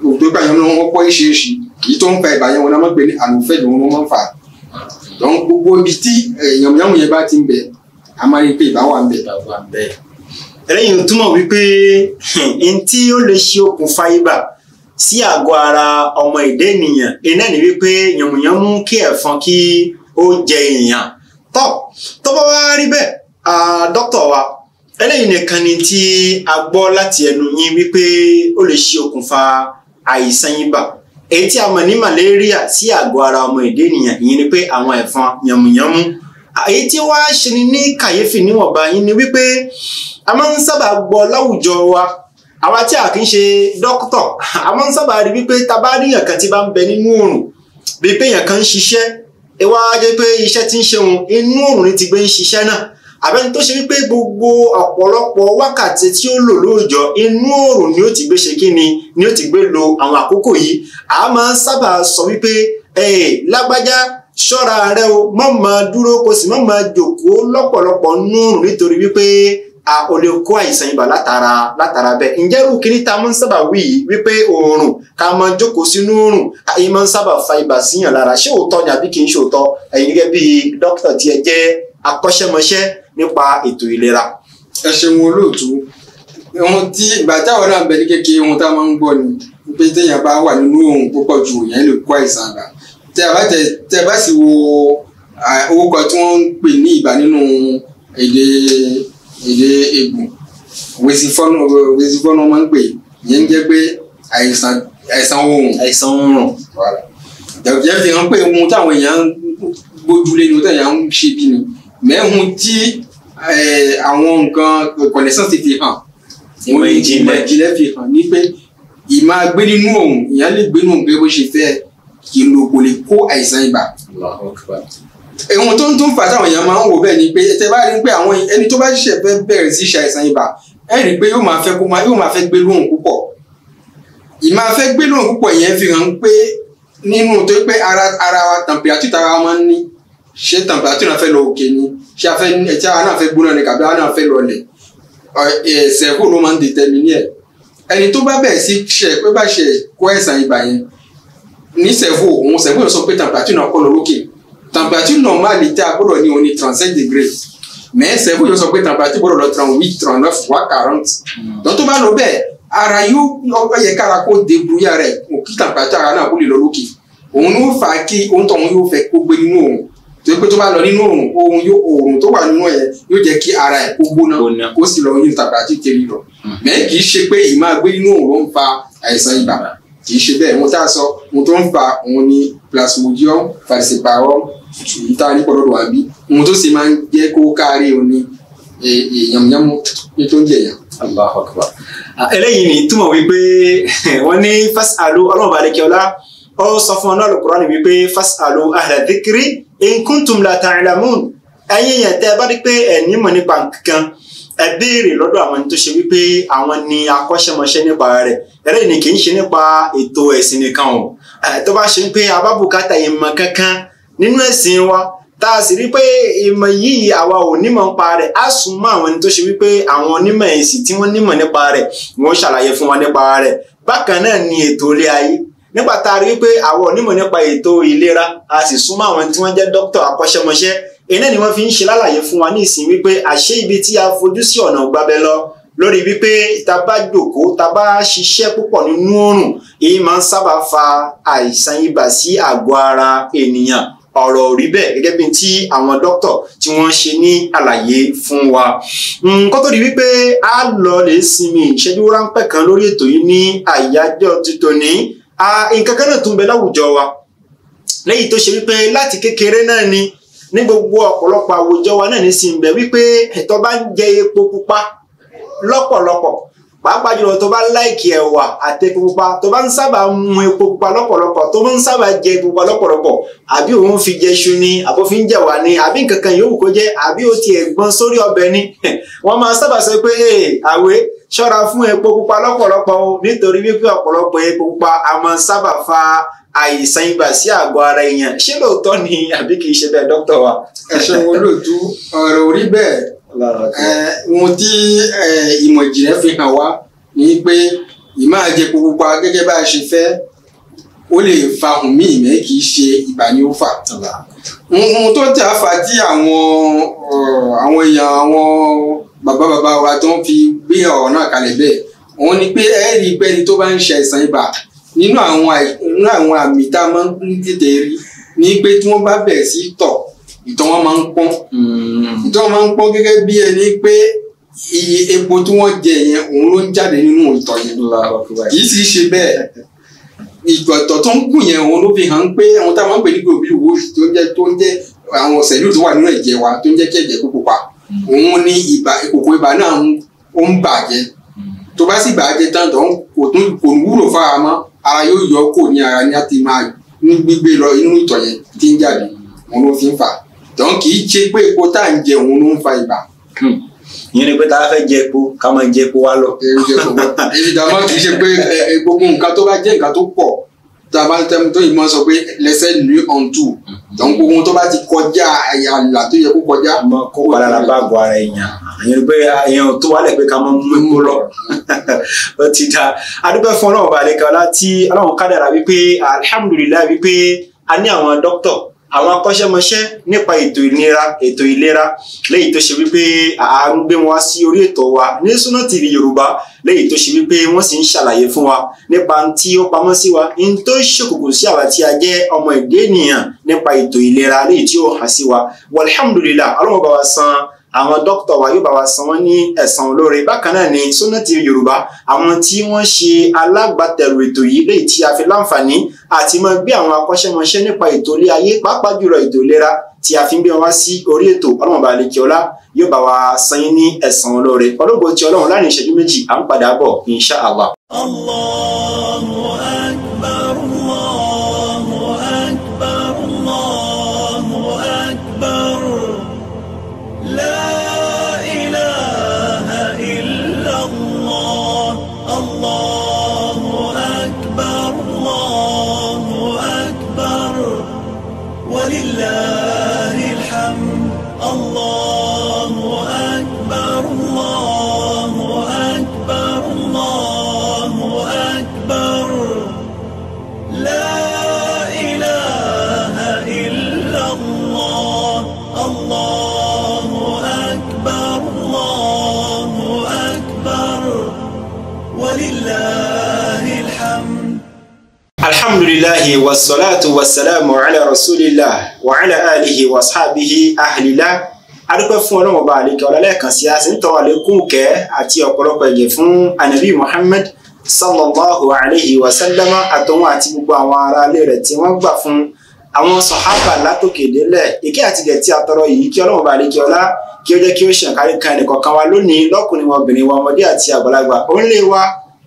Speaker 3: òtò ìgbà yẹn wọn pọ̀ ìṣeéṣi èyí tó ń fa ìbà yẹn wọn náà mọ̀ pé ní àlùfẹ́ ìdùnnú wọn máa ń fà á dọ́n gbogbo ibi tí eh, yànmùyànmù yẹn bá ti ń bẹ a máa rí i pé wà ń bẹ. ẹlẹ́yìn túmọ̀ wípé n tí ó lè ṣe okùnfà
Speaker 2: ibà sí àgọ́ ara ọmọ ìdá ènìyàn iná ní wípé yànmùyànmù kí ẹ̀fọn kí ó jẹ èèyàn tọ́ tó wá rí bẹ́ẹ̀ dókítà wa eléyìí nìkan ni tí a gbọ́ láti ẹnu yín wípé ó lè ṣe okùnfà àìsàn ibà èyí tí a mọ̀ ní malaria sí àgọ́ ara ọmọ èdè ènìyàn ìyẹn ni pé àwọn ẹ̀fọn yànmùyánmú èyí tí wàá ṣe ni ní kàyéfì níwọ̀nba yín ni wípé a máa ń sábà gbọ́ láwùjọ wa àwa tí a kì í ṣe dókítà a máa ń sábà rí wípé ta bá ríyàn kan tí bá ń bẹ nínú oòrùn bíi pé èèyàn kan ń ṣiṣẹ́ ẹ jẹ́ pé iṣẹ́ tí ń ṣe òun inú oòrùn ni ti gbé ń ṣiṣẹ́ náà àbẹ́ni tó ṣe wípé gbogbo ọ̀pọ̀lọpọ̀ wákàtí tí ó lò lóòjọ́ inú oòrùn ni ó ti gbé ṣe kí ni ni ó ti gbé lo àwọn àkókò yìí a máa ń sábà sọ wípé ẹ lágbájá ṣọ́ra rẹ o má máa dúró kó sì má máa jòkóó lọ́pọ̀lọpọ̀ nú oòrùn nítorí wípé a ò lè kó àìsàn ibà látara látara bẹ́ẹ̀ ǹjẹ́ irú kí ni ta máa ń sábà wí yìí wípé oòrùn ká máa jókòó sínú oòrùn àyè máa ń sábà fa ibà síyàn lára ṣé òótọ́ ni àbí kì í ṣòótọ́ ẹ̀yin gẹ́gẹ́ bíi dókítà tí ẹ jẹ́ akọ́ṣẹ́mọṣẹ́ nípa ètò
Speaker 3: ìlera. ẹ ṣeun olóòtú ohun tí ìgbà táwọn náà bẹ ní kékeré ohun tá a máa ń gbọ́ ni pé téèyàn bá wà nínú ohun púpọ̀ ju èèyàn lè kó àìsàn àgbà tẹ bá sì wo orúkọ tí wọ́n ń pè ní ìgbà nínú èdè èdè ègùn wesifọ́nù wesifọ́nù máa ń pè yẹn ń jẹ́ pé àìsàn àìsàn oorun àìsàn oorun jẹ́ fi hàn pé ohun táwọn èèyàn ń gbójúlé ni ohun táwọn èèyàn ń ṣe bí ni mẹ́hun tí àwọn nǹkan kọ̀nẹ́sán ti fi hàn ìmọ̀ ìjìnlẹ̀ fi hàn ní pé ìmọ̀ agbé nínú òun ìyá lè gbé nínú òun pé bó ṣe fẹ́ kí ló kò lè kó àìsàn ibà. ohun tó ń tún fà táwọn èèyàn máa ń wò bẹ́ẹ̀ ni pé tẹ bá rí pé àwọn ẹni tó bá ṣiṣẹ́ fẹ́ bẹ̀rẹ̀ sí ṣe àìsàn ibà ẹ rí i pé yóò máa fẹ́ kó yóò máa fẹ́ gbé lóhùn púpọ̀ ìmáa fẹ́ gbé lóhùn púpọ̀ yẹn fi hàn pé nínú tó pé ara ara wa tàǹpìlà títà wa máa ń ní ṣé tàǹpàtì náà fẹ́ lọ òkè ni ṣé a fẹ́ ẹ̀tí a náà fẹ́ gbóná ni kàbí a náà fẹ́ lọ lẹ̀ ẹ̀sẹ̀ kó ló máa ń dìtẹ̀mínì ẹ̀ ẹni tó bá bẹ̀rẹ̀ sí ṣe pé bá ṣe kó ẹ̀sán ibà yẹn ní sẹ̀fó òun sẹ̀fó yẹn sọ pé tàǹpàtì náà kọ́ lọ lókè tàǹpàtì normally tá a gbọ́dọ̀ ní òun ní transcend degree mais sẹ̀fó yẹn sọ pé tàǹpàtì gbọ́dọ̀ lọ trente huit trente neuf wa quarante donc tó bá lọ bẹ́ẹ̀ ara yóò lọ́kọ́ yẹ kára kó débrouillard rẹ̀ kí tàǹpàtì ara náà kó lè lọ lókè òun ló fà á kí òun tọ̀hún yóò fẹ́ kó gbé nínú òun tó yẹ pé tó bá lọ nínú òòrùn òòrùn yóò òòrùn tó wà nínú ẹ yóò jẹ kí ara ẹ kó gbóná kó sì lọ yún tàbí àti tèmi lọ mẹ hmm. kì í ṣe pé ìmọ̀ àgbé nínú òòrùn ń fa àìsàn ibà kì í ṣe bẹ́ẹ̀ mo tá a sọ mo tó ń fa òun ni plasmodium falciparum èyí tá a ní pọ̀lọ́dọ̀ wá bí òun tó sì máa ń jẹ́ kó kárí òun ni èèyàmùyàmù e, e, ní tó ń jẹ̀yàn. Allahu eléyìí ni túmọ̀ wípé
Speaker 2: wọ́n ní fásitì àlọ́ ọlọ́run balẹ̀ kí ọlá ó sọ fún ọ náà lọ́kùnrin wípé fásitì àlọ́ ahla dhikri in kuntum la ta'lamun ẹ̀yin yẹn tẹ́ ẹ bá rí pé ẹ̀ nímọ̀ nípa nǹkan ẹ béèrè lọ́dọ̀ àwọn ẹni tó ṣe wípé àwọn ni akọ́ṣẹ́mọṣẹ́ nípa rẹ̀ ẹ̀rẹ́ ni kì í ṣe nípa ètò ẹ̀sìn nìkan o tó bá ṣe pé abábùkátà ìmọ̀ kankan nínú ẹ̀sìn wa tá a sì rí pé ìmọ̀ yìí àwa ò nímọ̀ nípa rẹ̀ á sùn mọ́ àwọn ẹni tó ṣe wípé àwọn onímọ̀ ẹ̀sìn tí wọ́n nímọ̀ nípa rẹ̀ wọ́n ṣàlàyé fún wa nípa rẹ̀ bákan náà ni ètò ilé ayé nígbà tá a rí pé àwọn onímọ̀ nípa ètò ìlera a sì súnmọ́ àwọn tí wọ́n jẹ́ dókítà akọ́ṣẹ́mọṣẹ́ iná ni wọ́n fi ń ṣe lálàyé fún wa ní ìsìn wípé àṣé ibi tí a fojú sí ọ̀nà gbabẹ lọ lórí wípé tá bá jókòó tá bá ṣiṣẹ́ púpọ̀ nínú oòrùn èyí máa ń sábà fa àìsàn ibà sí àgọ́ ara ènìyàn ọ̀rọ̀ rí bẹ́ẹ̀ gẹ́gẹ́ bí tí àwọn dókítọ̀ tí wọ́n ṣe ní àlàyé fún wa. nǹkan hmm, tó di wípé a lọ lè sinmi ìṣẹ́jú ráńpẹ́ kan lórí ètò yìí ní àyájọ́ títòní nǹkan kan náà tún bẹ láwùjọ wa lẹ́yìn tó ṣe wípé láti kékeré náà ni ní gbogbo ọ̀pọ̀lọpọ̀ àwùjọ wa náà ní sì ń bẹ wípé ẹ̀tọ́ bá ń jẹ epo pupa lọ́pọ̀lọpọ̀ pàápàá jùlọ tó bá láìkì ẹ̀wà àti epo pupa tó bá ń sábà mu epo pupa lọ́pọ̀lọpọ̀ tó ń sábà jẹ epo pupa lọ́pọ̀lọpọ̀ àbí òun fi jẹ iṣu ni àbófin ń jẹ̀wà ni àbí nǹkan kan yòówù kó jẹ́ àbí ó tiẹ̀ gbọ́n sórí ọbẹ̀ ni wọ́n máa sábà sọ pé ee àwẹ̀ ṣọ́ra fún epo pupa lọ́pọ̀lọpọ̀ o nítorí wípé ọ̀pọ̀lọpọ̀ epo pupa a máa sábà fa àìsàn ibà sí àgọ́ ara èèyàn ṣé lóòótọ́
Speaker 3: ni àbí kì í ṣe bẹ́ẹ̀ ohun tí ìmọ̀ ìjìnlẹ̀ fi hàn wá ni pé ìmáa jẹ pupa gẹ́gẹ́ bá a ṣe fẹ́ ó lè fa ohun míì mẹ́ kì í ṣe ibà ni ó fà. ohun tó tẹ̀ á fa tí àwọn àwọn èèyàn àwọn bàbá bàbá wa tó ń fi gbé ọ̀rọ̀ náà kalẹ̀ bẹ́ẹ̀ òun ni pé ẹ rí i pé ẹni tó bá ń ṣe àìsàn ibà nínú àwọn àmì tá a máa ń tètè rí ni pé tí wọ́n bá bẹ̀rẹ̀ sí tọ̀ ìtàn wọn máa ń pọ́n
Speaker 1: hmm.
Speaker 3: ìtàn wọn máa ń pọ́n gẹ́gẹ́ bí ẹni pé iye epo tí wọ́n jẹ yẹn òun ló ń jáde nínú ìtọ̀ yẹn kì í sì ṣe bẹ́ẹ̀ ìgbọ̀tọ̀ tó ń gùn yẹn òun ló fi hàn pé àwọn táwọn máa ń pè ní globule wash tó ń jẹ́ tó ń jẹ́ àwọn sẹ́lú tó wà nínú ẹ̀jẹ̀ wa tó ń jẹ́ kí ẹ̀jẹ̀ kó pupa
Speaker 1: hmm. òun ni
Speaker 3: ìbà kòkó ibà náà ó ń bàjẹ́ hmm. tó bá sì bàjẹ́ tán tó ń kò tún kò ń wúlò fára mọ́ ara yóò yọ kò ní ara ní a máa ní gbígbé lọ inú ìtọ̀ yẹn tí ń jáde òun ló fi ń fà á tọ́n kì í ṣe pé epo tá à ń jẹ òun ló ń fa ibà. Hmm. ìyẹn ni pé tá a fẹ́ jẹ epo ká máa jẹ epo wá lọ. ìdààmú kì í ṣe pé gbogbo nǹkan tó bá jẹ́ nǹkan tó pọ̀ tàbá tẹmu tó yìí mọ sọ pé lẹsẹ nu on two tó ń gbogbo tó bá ti kọjá àyàlà tó yẹ kó kọjá. ọmọ kó padà la bá àgọ́ ara èèyàn àyàn
Speaker 2: pé èèyàn tó wálẹ̀ pé ká máa mú epo lọ ó ti da adúgbò fún ọlọ́run balẹ̀ kan láti ọlọ́run kádàrà wípé alihamudulilayi wípé a ní àwọn dókítà àwọn akọ́ṣẹ́mọṣẹ́ nípa ètò ìlera ètò ìlera lẹ́yìn tó ṣe wípé à ń gbé wọn sí orí ètò wa ní Sunna TV Yorùbá lẹ́yìn tó ṣe wípé wọ́n sì ń ṣàlàyé fún wa nípa n tí ó pamọ́ sí wa n tó ṣòkùnkùn sí àwa tí a jẹ́ ọmọ ìdí ènìyàn nípa ètò ìlera lẹ́yìn tí ó hàn sí wa walhamdulillah ọlọ́mọba san àwọn dókítà wa yóò bá wa san wọ́n ní ẹ̀san olóore bákan náà ni Sunna TV Yorùbá àwọn tí wọ́n ṣe alágbàtẹ̀rù ètò yìí léyìí tí a fi láǹfààní àti máa gbé àwọn akọ́ṣẹ́mọṣẹ́ nípa ètò ilé ayé pàápàá jùlọ ètò ìlera tí a fi ń gbé wọn sí orí ètò ọlọ́run bá lè kí ọlá yóò bá wa san yín ní ẹ̀san olóore ọlọ́gbọ́n ti ọlọ́run láàrin ìṣẹ́jú méjì à ń padà bọ̀ insha Allah. Allah. الله والصلاة والسلام على رسول الله وعلى آله وأصحابه أهل الله adúpẹ́ fún ọlọ́run ọba àlekẹ́ ọlọ́lẹ́ẹ̀kan sí a sì ń tọrọ àlékún kẹ́ àti ọ̀pọ̀lọpọ̀ ẹ̀jẹ̀ fún anabi muhammed sallallahu alayhi wa sallama àtọ̀hún àti gbogbo àwọn ará ilé rẹ̀ tí wọ́n gbà fún àwọn sọ̀hábà látòkè délẹ̀ èké àti gẹ̀tì àtọrọ yìí kí ọlọ́run ọba àlekẹ́ ọlá kí ó jẹ́ kí ó ṣàn kan ẹnìkọ̀ọ̀kan wa lónìí lọ́kùnrin wa obìnrin wa ọmọdé àti àgbàlagbà ó ń lé wa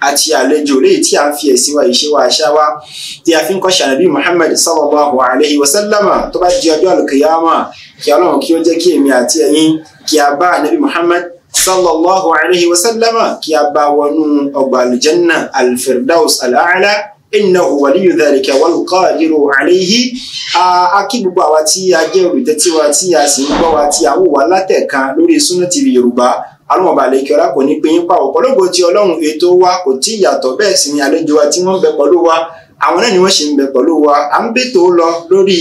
Speaker 2: àti àlejò léyìí tí a ń fi ẹ̀sìn wa ìṣe wa àṣà wa tí a fi ń kọ́ṣà nàbí Muhammad sallallahu alayhi wa sallama tó bá di ọjọ́ àlùkìyàmà kí ọlọ́run kí ó jẹ́ kí èmi àti ẹ̀yin kí a bá nàbí Muhammad sallallahu alayhi wa sallama kí a bá wọnú ọgbà aljanna alfirdaus al'ala innahu waliyu dhalika wal qadiru alayhi a kí gbogbo àwa tí a jẹ́ olùtẹ́tí wa tí a sì ń gbọ́ wa tí a wò wá látẹ̀ka lórí Sunna TV Yorùbá àwọn ọba àlejò ọlá kò ní pín yín pa ọ̀pọ̀lọpọ̀ tí ọlọ́run ètò wa kò tí ì yàtọ̀ bẹ́ẹ̀ sì ni àlejò wa tí wọ́n ń bẹ pẹ̀lú wa àwọn náà ni wọ́n ṣì ń bẹ pẹ̀lú wa à ń bètò lọ lórí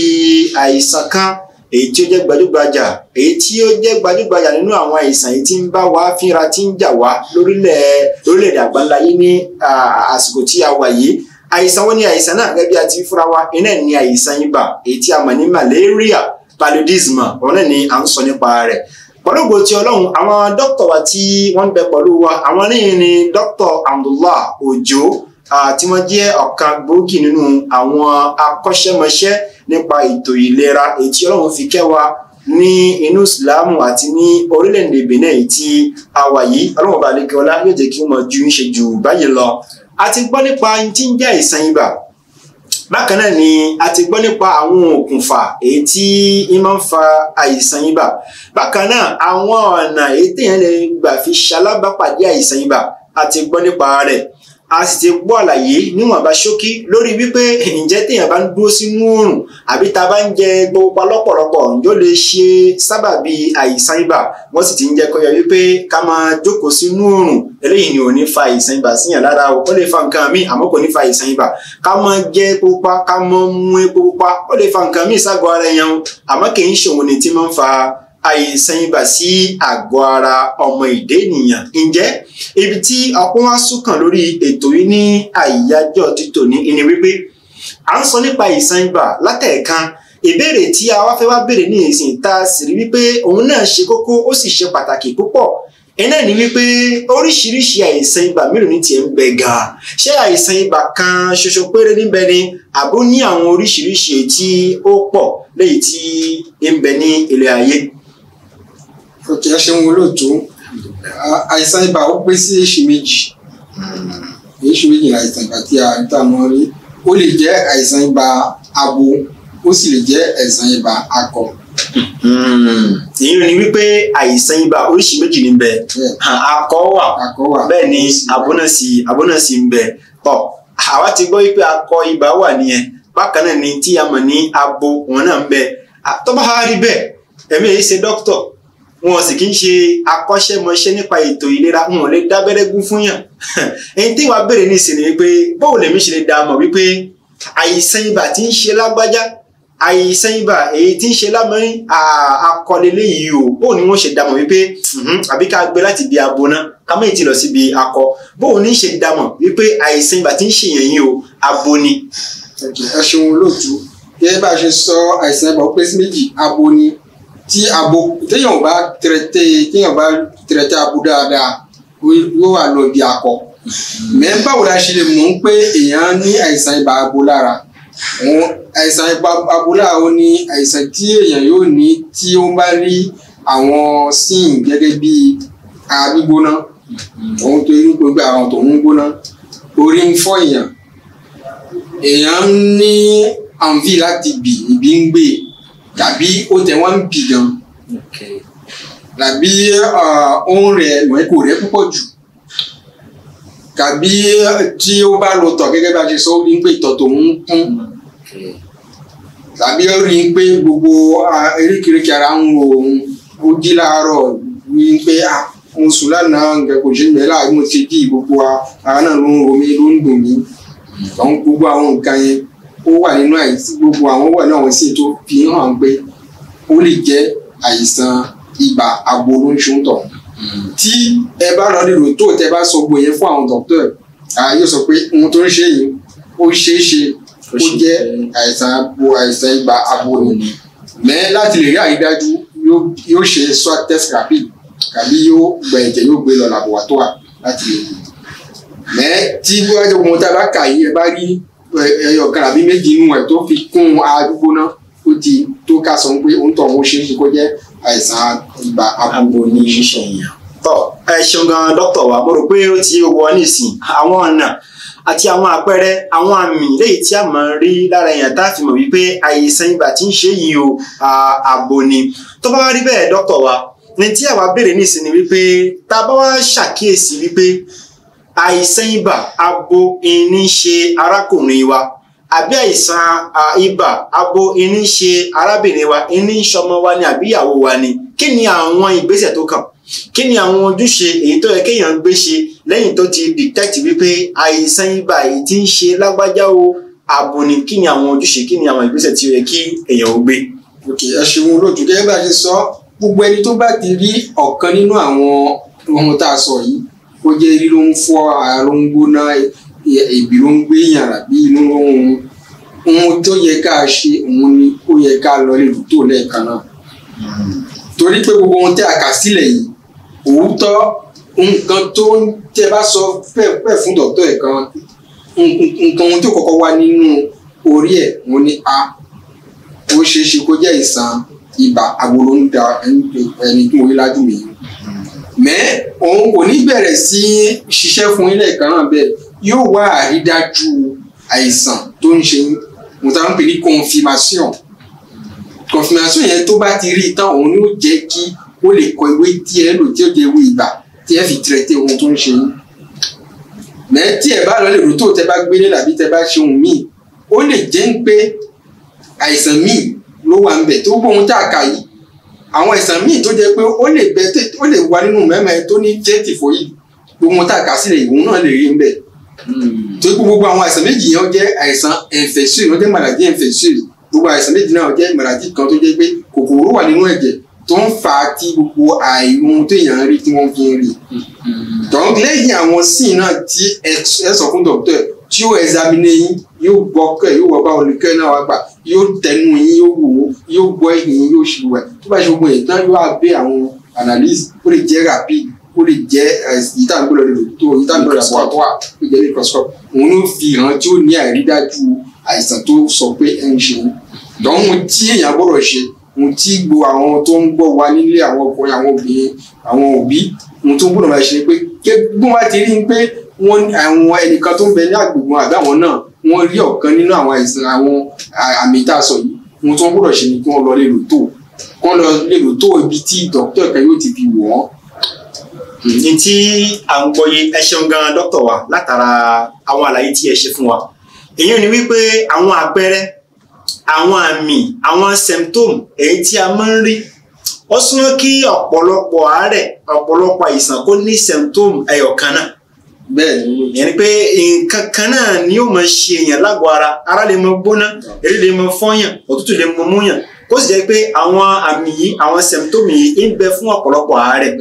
Speaker 2: àìsàn kan èyí tí ó jẹ́ gbajúgbajà èyí tí ó jẹ́ gbajúgbajà nínú àwọn àìsàn èyí tí ń bá wa fínra tí ń jà wá lórílẹ̀ lórílẹ̀-èdè ní àsìkò tí a wà yìí àìsàn wo ni àìsàn náà gẹ́gẹ́ bí a ti fúnra wa iná ní àìsàn ibà èyí tí a mọ̀ ní malaria paludism òun náà ni à ń sọ nípa rẹ̀ pẹ̀lú ògbó ti ọlọ́run àwọn dókítà wa tí wọ́n ń bẹ pẹ̀lú wa àwọn níyìn ni dókítà Abdullah Ojo tí wọ́n jẹ́ ọ̀kan gbòógì nínú àwọn akọ́ṣẹ́mọṣẹ́ nípa ètò ìlera ètí ọlọ́run fi kẹwa ní inú ìsìlámù àti ní orílẹ̀-èdè Benin èyí tí a wà yìí ọlọ́run ọba àlekẹ́ọ́lá yóò jẹ́ kí wọ́n ju ń ṣe jù báyìí lọ a gbọ́ nípa ohun ń jẹ́ àìsàn ibà bákan náà ni a ti gbọ́ nípa àwọn òkùnfà èyí tí ń máa ń fa àìsàn ibà bákan náà àwọn ọ̀nà èyí téèyàn lè gbà fi ṣalábàpàdé àìsàn ibà a ti gbọ́ nípa rẹ̀ a sì ti gbọ́ àlàyé níwọ̀nba ṣókí lórí wípé ǹjẹ́ téèyàn bá ń dúró sínú oòrùn àbí ta bá ń jẹ gbogbo pa lọ́pọ̀lọpọ̀ ǹjọ́ lè ṣe sábàbí àìsàn ibà wọ́n sì ti ń jẹ́ kọyọ wípé ká máa jókòó sínú oòrùn eléyìí ni ò ní fa àìsàn ibà síyàn lára o ó lè fa nǹkan míì àmọ́ kò ní fa àìsàn ibà ká máa jẹ epo pupa ká máa mú epo pupa ó lè fa nǹkan míì ságọ́ ara èèyàn àmọ́ kì í ṣòwò ni tí máa ń fa àìsàn ibà sí àgọ́ ara ọmọ ìdè ènìyàn ǹjẹ́ ibi tí ọpọ́n wá súnkàn lórí ètò yìí ní àyájọ́ títò ní ni wípé à ń sọ nípa ìsan ibà látẹ̀ẹ̀kan ìbéèrè tí a wá fẹ́ wá béèrè ní ìsìn tá a sì rí wípé òun náà ṣe kókó ó sì ṣe pàtàkì púpọ̀ iná ní wípé oríṣiríṣi àìsàn ibà mélòó ní tiẹ̀ ń bẹ gan ṣé àìsàn ibà kan ṣoṣo péré níbẹ̀ ni àbó ní àwọn oríṣiríṣi tí ó pọ̀ lẹ́yìn tí
Speaker 3: ń bẹ ní ilé ayé. òkè ẹ ṣeun olóòtú àìsàn ibà ó pín sí èṣù méjì èṣù méjì ni àìsàn ibà tí a tá mọ̀ rí ó lè jẹ́ àìsàn ibà abo ó sì lè jẹ́ àìsàn ibà akọ. èyí ni wípé àìsàn ibà oríṣi méjì ní bẹ
Speaker 2: akọ wà bẹ́ẹ̀ ni abónàsì abónàsì ń bẹ tọ àwa ti gbọ́ wípé akọ ibà wà nìyẹn bákan náà ni tí a mọ̀ ní abo wọn náà ń bẹ tó bá rí bẹ́ẹ̀ ẹ̀mí èyí ṣe dókítọ̀ wọn sì kì í ṣe akọ́ṣẹ́mọṣẹ́ nípa ètò ìlera wọn ò lè dábẹ́rẹ́ gún fún yàn ẹni tí wàá béèrè ní ìsìn ni pé báwo lèmi ṣe lè dá mọ̀ wípé àìsàn ibà tí ń ṣe lágbájá àìsàn ibà èyí tí ń ṣe lámọ́rin akọlélé yìí o bóun ni wọ́n ṣe dámọ̀ wípé àbí ká gbé láti ibi abo náà ká mọ̀ èyí ti lọ síbi akọ bóun ní ṣe dámọ̀ wípé àìsàn ibà tí ń ṣe yẹn yìí
Speaker 3: o abo ni. ẹ ṣeun olóòtú gẹ́gẹ́ bá a ṣe sọ àìsàn ibà ó pé sí méjì abo ni tí abo téèyàn ò bá tẹrẹtẹ téèyàn bá tẹrẹtẹ abo dáadáa yóò wà lọ ibi akọ mẹ báwo la ṣe lè mú pé èèyàn ní àìsàn ibà abo lára wọn àìsàn ibà abo lára ó ní àìsàn tí èèyàn yóò ní tí ó bá rí àwọn síìn gẹ́gẹ́ bí agbígbóná òun tó irú gbogbo àwọn tó ń gbóná orí ń fọ́ èèyàn èèyàn ní àǹfì láti bì ìbí ń gbé e tàbí ó tẹ wọ́n ń bì gan tàbí ohun uh, rẹ̀ wọ́n kò rẹ̀ púpọ̀ jù tàbí uh, tí ó bá lọ tọ̀ gẹ́gẹ́ bá ṣe sọ ó rí pé ìtọ̀ tó ń kún tàbí ó rí pé gbogbo uh, eríkèéríkèé ara ń wo òun ó jí láàárọ̀ rí pé ah mo sùn lánàá nǹkan kò ṣe ń bẹ láàrin mo ti di gbogbo ara náà ló ń ro ló ń dùn mí mm. gbogbo àwọn nǹkan yẹn ó wà nínú àìsí gbogbo àwọn wọ̀nyí àwọn ìṣètò fi hàn pé ó lè jẹ́ àìsàn ibà agboro ń ṣúntọ̀ hmm. tí ẹ bá lọ nílò tó tẹ bá sọ gbòyẹn fún àwọn dọ́kítọ̀ ààyè sọ pé ohun tó ń ṣe yìí ó ṣeé ṣe ó jẹ́ àìsàn abo àìsàn ibà agboro ni hmm. mẹ́ láti lè rí àrídájú yóò ṣe swab test rapid tàbí yóò gba ẹ̀jẹ̀ yóò gbé lọ làbọ̀wátọ́à láti lè wò mẹ́ tí bí wọ́n jẹ́ ohun tá a bá kà yìí ẹ bá rí ẹyọ garabi méjì nù ẹ tó fi kún arúgbó náà ó ti tó ká sọ pé òun tọ̀ mo ṣe é ṣe kó jẹ́ àìsàn ibà abo ní ṣíṣe èèyàn. tọ́
Speaker 2: ẹ ṣeun gan dókítà wa mo rò pé ó ti wọ nísìn àwọn ọ̀nà àti àwọn àpẹẹrẹ àwọn àmì léyìí tí a máa rí lára èèyàn tá a fi mọ̀ wípé àìsàn ibà tí ń ṣe yìí o abo ni tó bá rí bẹ́ẹ̀ dókítà wa ní tí àwa béèrè nísìn ni wípé tá a bá wá ṣàkíyèsí wípé àìsàn ibà abo ìní ṣe arákùnrin wa àbí àìsàn ibà abo ìní ṣe arábìnrin wa ìní ṣọmọ wa ni àbí ìyàwó wa ni kí ni àwọn ìgbésẹ̀ tó kàn kí ni àwọn ojúṣe èyí tó yẹ kéèyàn gbé ṣe lẹ́yìn tó ti detect wípé àìsàn ibà èyí tí ń ṣe
Speaker 3: lágbájá o ààbò ni kí ni àwọn ojúṣe kí ni àwọn ìgbésẹ̀ tí ó yẹ kí èèyàn ó gbé. òkè ẹ ṣeun olóòtú gẹ́gẹ́ bá a ṣe sọ gbogbo ẹni tó bá ti rí ọ̀kan nínú àwọn ohun tá a sọ yìí kó jẹ́ rí ló ń fọ́ ara ló ń gbóná ìbí ló ń gbé yàn àbí inú ló ń ohun tó yẹ ká ṣe òun ni ó yẹ ká lọ lè lù tó lẹ́ẹ̀kan náà torí pé gbogbo ohun tẹ́ a kà sílẹ̀ yìí òótọ́ nǹkan tó ń tẹ́ bá sọ pẹ́ fún dọ̀tọ́ ẹ̀ kan nǹkan ohun tó kọ́kọ́ wá nínú orí ẹ̀ òun ni a ó ṣeé ṣe kó jẹ́ ìsàn ibà àgbo ń da ẹni tó wọlé lájú mi yìí mẹ́ òun kò ní bẹ̀rẹ̀ sí ṣiṣẹ́ fún ilé ìkànnà bẹ́ẹ̀ yóò wá àrídájú àìsàn tó ń ṣe mo ta ń pè ní confirmation confirmation yẹn tó bá ti rí i tán òun yóò jẹ́ kí ó lè kọ ìwé tí ẹ lò tí ó jẹ́ ìwé ìgbà tí ẹ fi tẹrẹtẹ ohun tó ń ṣe yín mẹ tí ẹ bá lọ lè rò tó tẹ bá gbélé tàbí tẹ bá ṣe ohun míì ó lè jẹ́ ń pé àìsàn míì ló wà ń bẹ̀ tó gbóhun tá a kà yìí àwọn ẹ̀sán míì tó jẹ́ pé ó lè bẹ ó lè wà nínú mẹ́mẹ́ tó ní jẹ́ẹ̀tì fòyì gbogbo tá a kà sílẹ̀ ìwọ̀n náà lè rí nbẹ̀ tó kú gbogbo àwọn àìsàn méjì yẹn jẹ́ àìsàn ẹ̀fẹ̀sìrì wọ́n jẹ́ màlàjí ẹ̀fẹ̀sìrì gbogbo àìsàn méjì náà jẹ́ màlàjí kan tó jẹ́ pé kòkòrò wà nínú ẹ̀jẹ̀ tó ń fa tí gbogbo àìrun tó èèyàn rí tí wọ́n fi ń rí hmm. tọ́n lẹ́yìn àwọn síìn náà tí ẹ sọ fún dọ́kítọ̀ tí yóò ẹ̀záminé yín yóò gbọ́ kẹ́ yóò wọ bá olùkẹ́ náà wá gbà yóò tẹnu yín yóò wò ó yóò gbọ́ ẹ̀yìn yóò ṣùgbọ́n tó bá ṣe gbogbo èyí tán yóò abẹ́ àwọn analyse ó lè jẹ́ rapid ó lè jẹ́ ìtàgbọ́lọ̀ lè tó ìtàgbọ́lọ̀ àpò àpò ó jẹ́ microscope òun ló fi hàn tí ó ní àrídájú àìsàn tó sọ pé ẹ ń ṣe dán ohun tí èèyàn gbọ́dọ̀ ṣe ohun tí gbo àwọn tó ń gbọ́ wa nílé àwọn ọkùnrin àwọn obìnrin àwọn òbí ohun tó gbọ́dọ̀ máa ṣe pé gbọ́n bá ti rí i pé wọ́n àwọn ẹnìkan tó ń bẹ ní àgbègbè àbáwọn náà wọ́n rí ọ̀kan nínú àwọn àìsàn àwọn àmì tá a sọ yìí ohun tó gbọ́dọ̀ ṣe ni kí wọ́n lọ lè lò tó kọ́ lọ lè lò tó ibi tí dókítà kan yóò ti fi wò wọ́n.
Speaker 2: ní tí à ẹ ṣeun gan dókítà wa látara àwọn àlàyé tí ẹ ṣe fún wa èyí ni wípé àwọn àpẹẹrẹ àwọn àmì àwọn symptom èyí tí a máa ń rí ó súnmọ́ kí ọ̀pọ̀lọpọ̀ àárẹ̀ ọ̀pọ̀lọpọ̀ àìsàn kó ní symptom ẹyọ kan náà bẹ́ẹ̀ni yẹn pé nǹkan kan náà ni yóò máa ṣe èèyàn lágọ̀ọ́ ara ara lè máa gbóná eré lè máa fọ́yàn òtútù lè máa múyàn kó sì jẹ́ pé àwọn àmì yìí àwọn symptom yìí ń bẹ fún ọ̀pọ̀lọpọ̀ àárẹ̀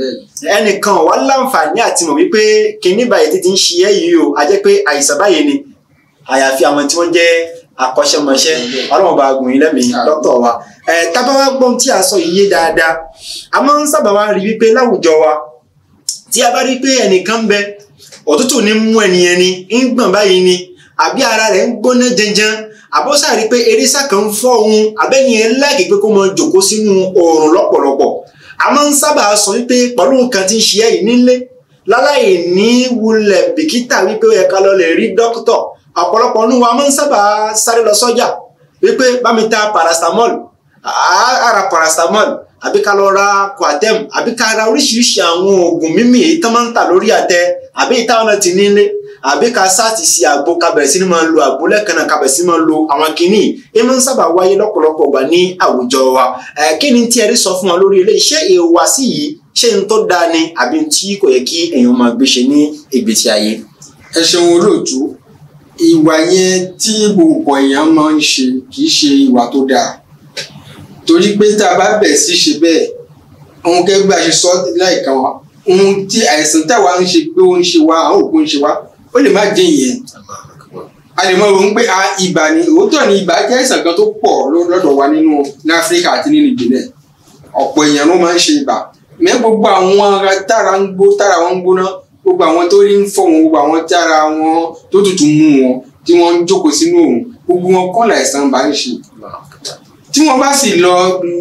Speaker 2: ẹnìkan wà láǹfààní àti mọ̀ wípé kíní báyìí ti ti ń ṣiyẹ́ yìí o a jẹ́ pé àìsàn báyìí ni àyàfi àwọn tí wọ́n jẹ́ akọ́ṣẹ́mọṣẹ́ ọlọ́run bá gùn yín lẹ́mìí dókítà wa tábà wá gbọ́n tí a sọ yìí dáadáa a máa ń sábà wá rí wípé láwùjọ wa tí a bá rí pé ẹnìkan bẹ òtútù ní mú ẹnìyẹn ni ń gbọ̀n báyìí ni àbí ara rẹ̀ ń gbóná janjan àbọ́sà rí i pé eríṣà kan ń fọ́ òun abẹ́yìn ẹ̀ láàgì pé kó máa jòkó sínú oòrùn lọ́pọ̀lọpọ̀ a máa ń sábà sọ wípé pẹ̀lú nǹkan tí ń ṣe ẹ̀yìn nílé láláì ní wulẹ̀ bìkítà wípé ó yẹ ká lọ lè rí dókítọ̀ ọ̀pọ̀lọpọ̀ nínú wa máa ń sábà sáré lọ sọ́jà wípé bá mi ta paracetamol ara paracetamol àbí ká lọ ra coatem àbí ká ra oríṣiríṣi àwọn oògùn mímì èyí tán máa ń tà lórí àtẹ àbí ìtàn ọ̀nà nílé àbí ka sáàtì sí àgbo ka bẹ̀rẹ̀ sí ni máa lo àgbo lẹ́ẹ̀kan náà ka bẹ̀rẹ̀ sí ni máa lo àwọn kìíní ẹ máa ń sábà wáyé lọ́pọ̀lọpọ̀ gbà ní àwùjọ wa kí ni tí ẹ rí sọ fún wa lórí eléyìí ṣé èèwà sí yìí ṣé n tó dáa ni àbí tí kò yẹ
Speaker 3: kí èèyàn máa gbé ṣe ní ìgbésí ayé. ẹ ṣeun olóòtú ìwà yẹn tí gbogbo èèyàn máa ń ṣe kì í ṣe ìwà tó dáa torí pé tá a bá bẹ̀ sí ṣe bẹ́ẹ̀ ó lè má jẹ́ ìyẹn a lè mọ òun pé ibà ni òótọ́ ni ibà jẹ́ àìsàn kan tó pọ̀ lọ́dọ̀ wa nínú ní áfíríkà àti nínú ìbílẹ̀ ọ̀pọ̀ èèyàn ló máa ń ṣe ibà mẹ́ gbogbo àwọn ara tára ń gbó tára wọn ń gbóná gbogbo àwọn tó rí ń fọ́ wọn gbogbo àwọn tára wọn tó tutù mú wọn tí wọ́n ń jókòó sínú òun gbogbo wọn kọ́ làìsàn bá ń ṣe tí wọ́n bá sì lọ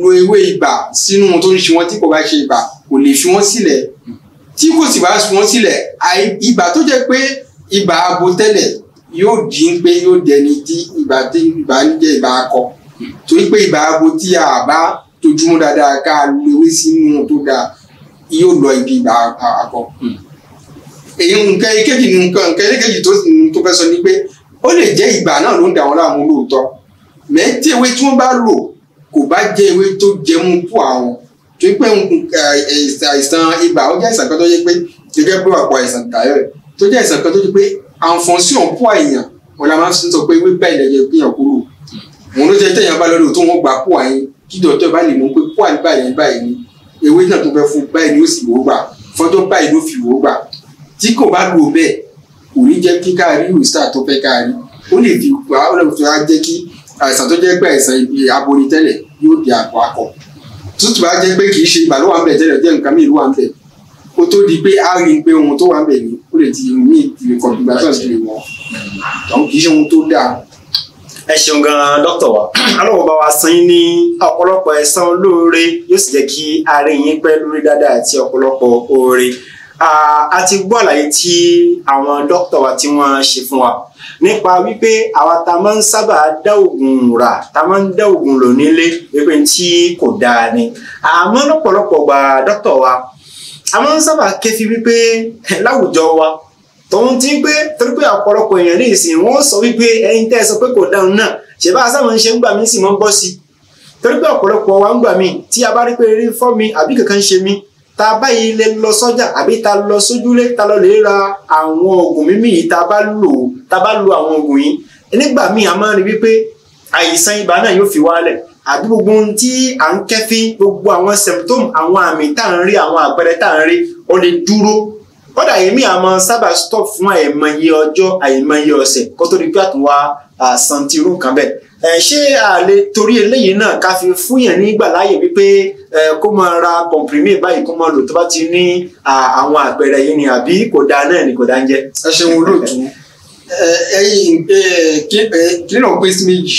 Speaker 3: lo ewé ibà sínú tó ń ṣe wọn tí kò bá ṣe ibà kò lè fi wọn sílẹ̀ tí kò sì bá fi wọn sílẹ̀ ibà tó jẹ́ pé ibà abo tẹ́lẹ̀ yóò di pé yóò dẹni tí ibà tí ibà ń jẹ́ ibà akọ torí pé ibà abo tí a bá tojúmọ́ dáadáa ká lu ewé sínú tó dáa yóò lọ ibi ibà akọ. èyí nǹkan èkejì nǹkan nǹkan èkejì tó fẹ́ sọ ni pé ó lè jẹ́ ibà náà ló ń dà wọ́n láàmú lóòótọ́ mẹ́tí ewé tí wọ́n bá lò kò bá jẹ́ ewé tó jẹ pọ̀ àwọn torí pé àìsàn ibà ó jẹ́ àìsàn kan tó yẹ pé gẹ́gẹ́ bí ọ̀pọ̀ àìsàn tàyọ̀ tó jẹ́ àìsàn kan tó ti pé àǹfọ̀nsí ọ̀pọ̀ èèyàn wọn la máa ń sọ pé wípé ilẹ̀ yẹn gbìyàn kúrò òun ló jẹ́ tẹ̀yàn bá lọ́dọ̀ tó wọ́n gbà pọ̀ àyín kí dọ̀tọ̀ bá lè mọ̀ pé pọ̀ àyín báyìí báyìí ni ewé náà tó fẹ́ fún báyìí ni ó sì wò ó gbà fọ́jọ́ báyìí ló fi wò ó gbà tí kò bá lò bẹ́ẹ̀ kò ní jẹ́ kí káàrí ìwòsàn àtọ́ fẹ́ káàrí ó lè fi wá ó lè fi wá jẹ́ kí àìsàn tó jẹ́ pé àìsàn ibi aborí tẹ́lẹ̀ yóò di àpò akọ tútù bá jẹ́ pé kì í ṣe ibà ló wà ń bẹ̀ tẹ́lẹ̀ jẹ́ nǹkan mìíràn lè ti ní ìpìlẹ̀ configuration ti wọn àwọn kì í ṣe ohun
Speaker 2: tó dáa. ẹ ṣeun gan-an dókítà wa alọ́wọ́ bá wa sin ní ọ̀pọ̀lọpọ̀ ẹ̀san olóore yóò sì jẹ́ kí ààrẹ yín pẹ́ lórí dáadáa àti ọ̀pọ̀lọpọ̀ oore a ti gbọ́ àlàyé tí àwọn dókítà wa tí wọ́n ṣe fún wa nípa wípé àwa ta máa ń sábà dá oògùn rà ta máa ń dá oògùn lò nílé wípé tí kò dáa ni àmọ́ lọ́pọ̀lọpọ̀ gbà dókítà wa a máa ń sábà kéfì wípé láwùjọ wa tòun ti pé torí pé ọ̀pọ̀lọpọ̀ èèyàn ní ìsìn wọn sọ wípé ẹyin tẹ́ ẹ sọ pé kò dáhùn náà ṣèbá sáwọn ń ṣe ń gbà mí sì mọ́ ń bọ́ sí i torí pé ọ̀pọ̀lọpọ̀ wa ń gbà mí tí a bá rí pé eré fọ́ mi àbí kankan ṣe mí tá báyìí lè lọ sọ́jà àbí tá lọ sójúlé tá lọ lè ra àwọn oògùn mímì yìí tá bá lò tá bá lo àwọn oògùn yìí nígbà míì a máa ń rí wípé àìsàn ibà náà yóò fi wálẹ̀ àbí gbogbo ohun tí à ń kẹ́fín gbogbo àwọn symptom àwọn àmì tá à ń rí àwọn àpẹẹrẹ tá à ń rí ó lè dúró kódà èmi àmọ́ sábà stop fún àìmọye ọjọ́ àìmọye ọ̀sẹ̀ kó tó di pé àtúnwá àsan ti irú nǹkan bẹ́ẹ̀ ṣé a lè torí eléyìí náà ká fi fún yẹn nígbà láàyè wípé kó máa ra comprimé báyìí kó máa lò tó bá ti ní àwọn àpẹẹrẹ
Speaker 3: yìí ni àbí kò dáa náà ni kò dáa ń jẹ. ẹ ṣeun olóòtú ẹyin kí ló ń pèsè méjì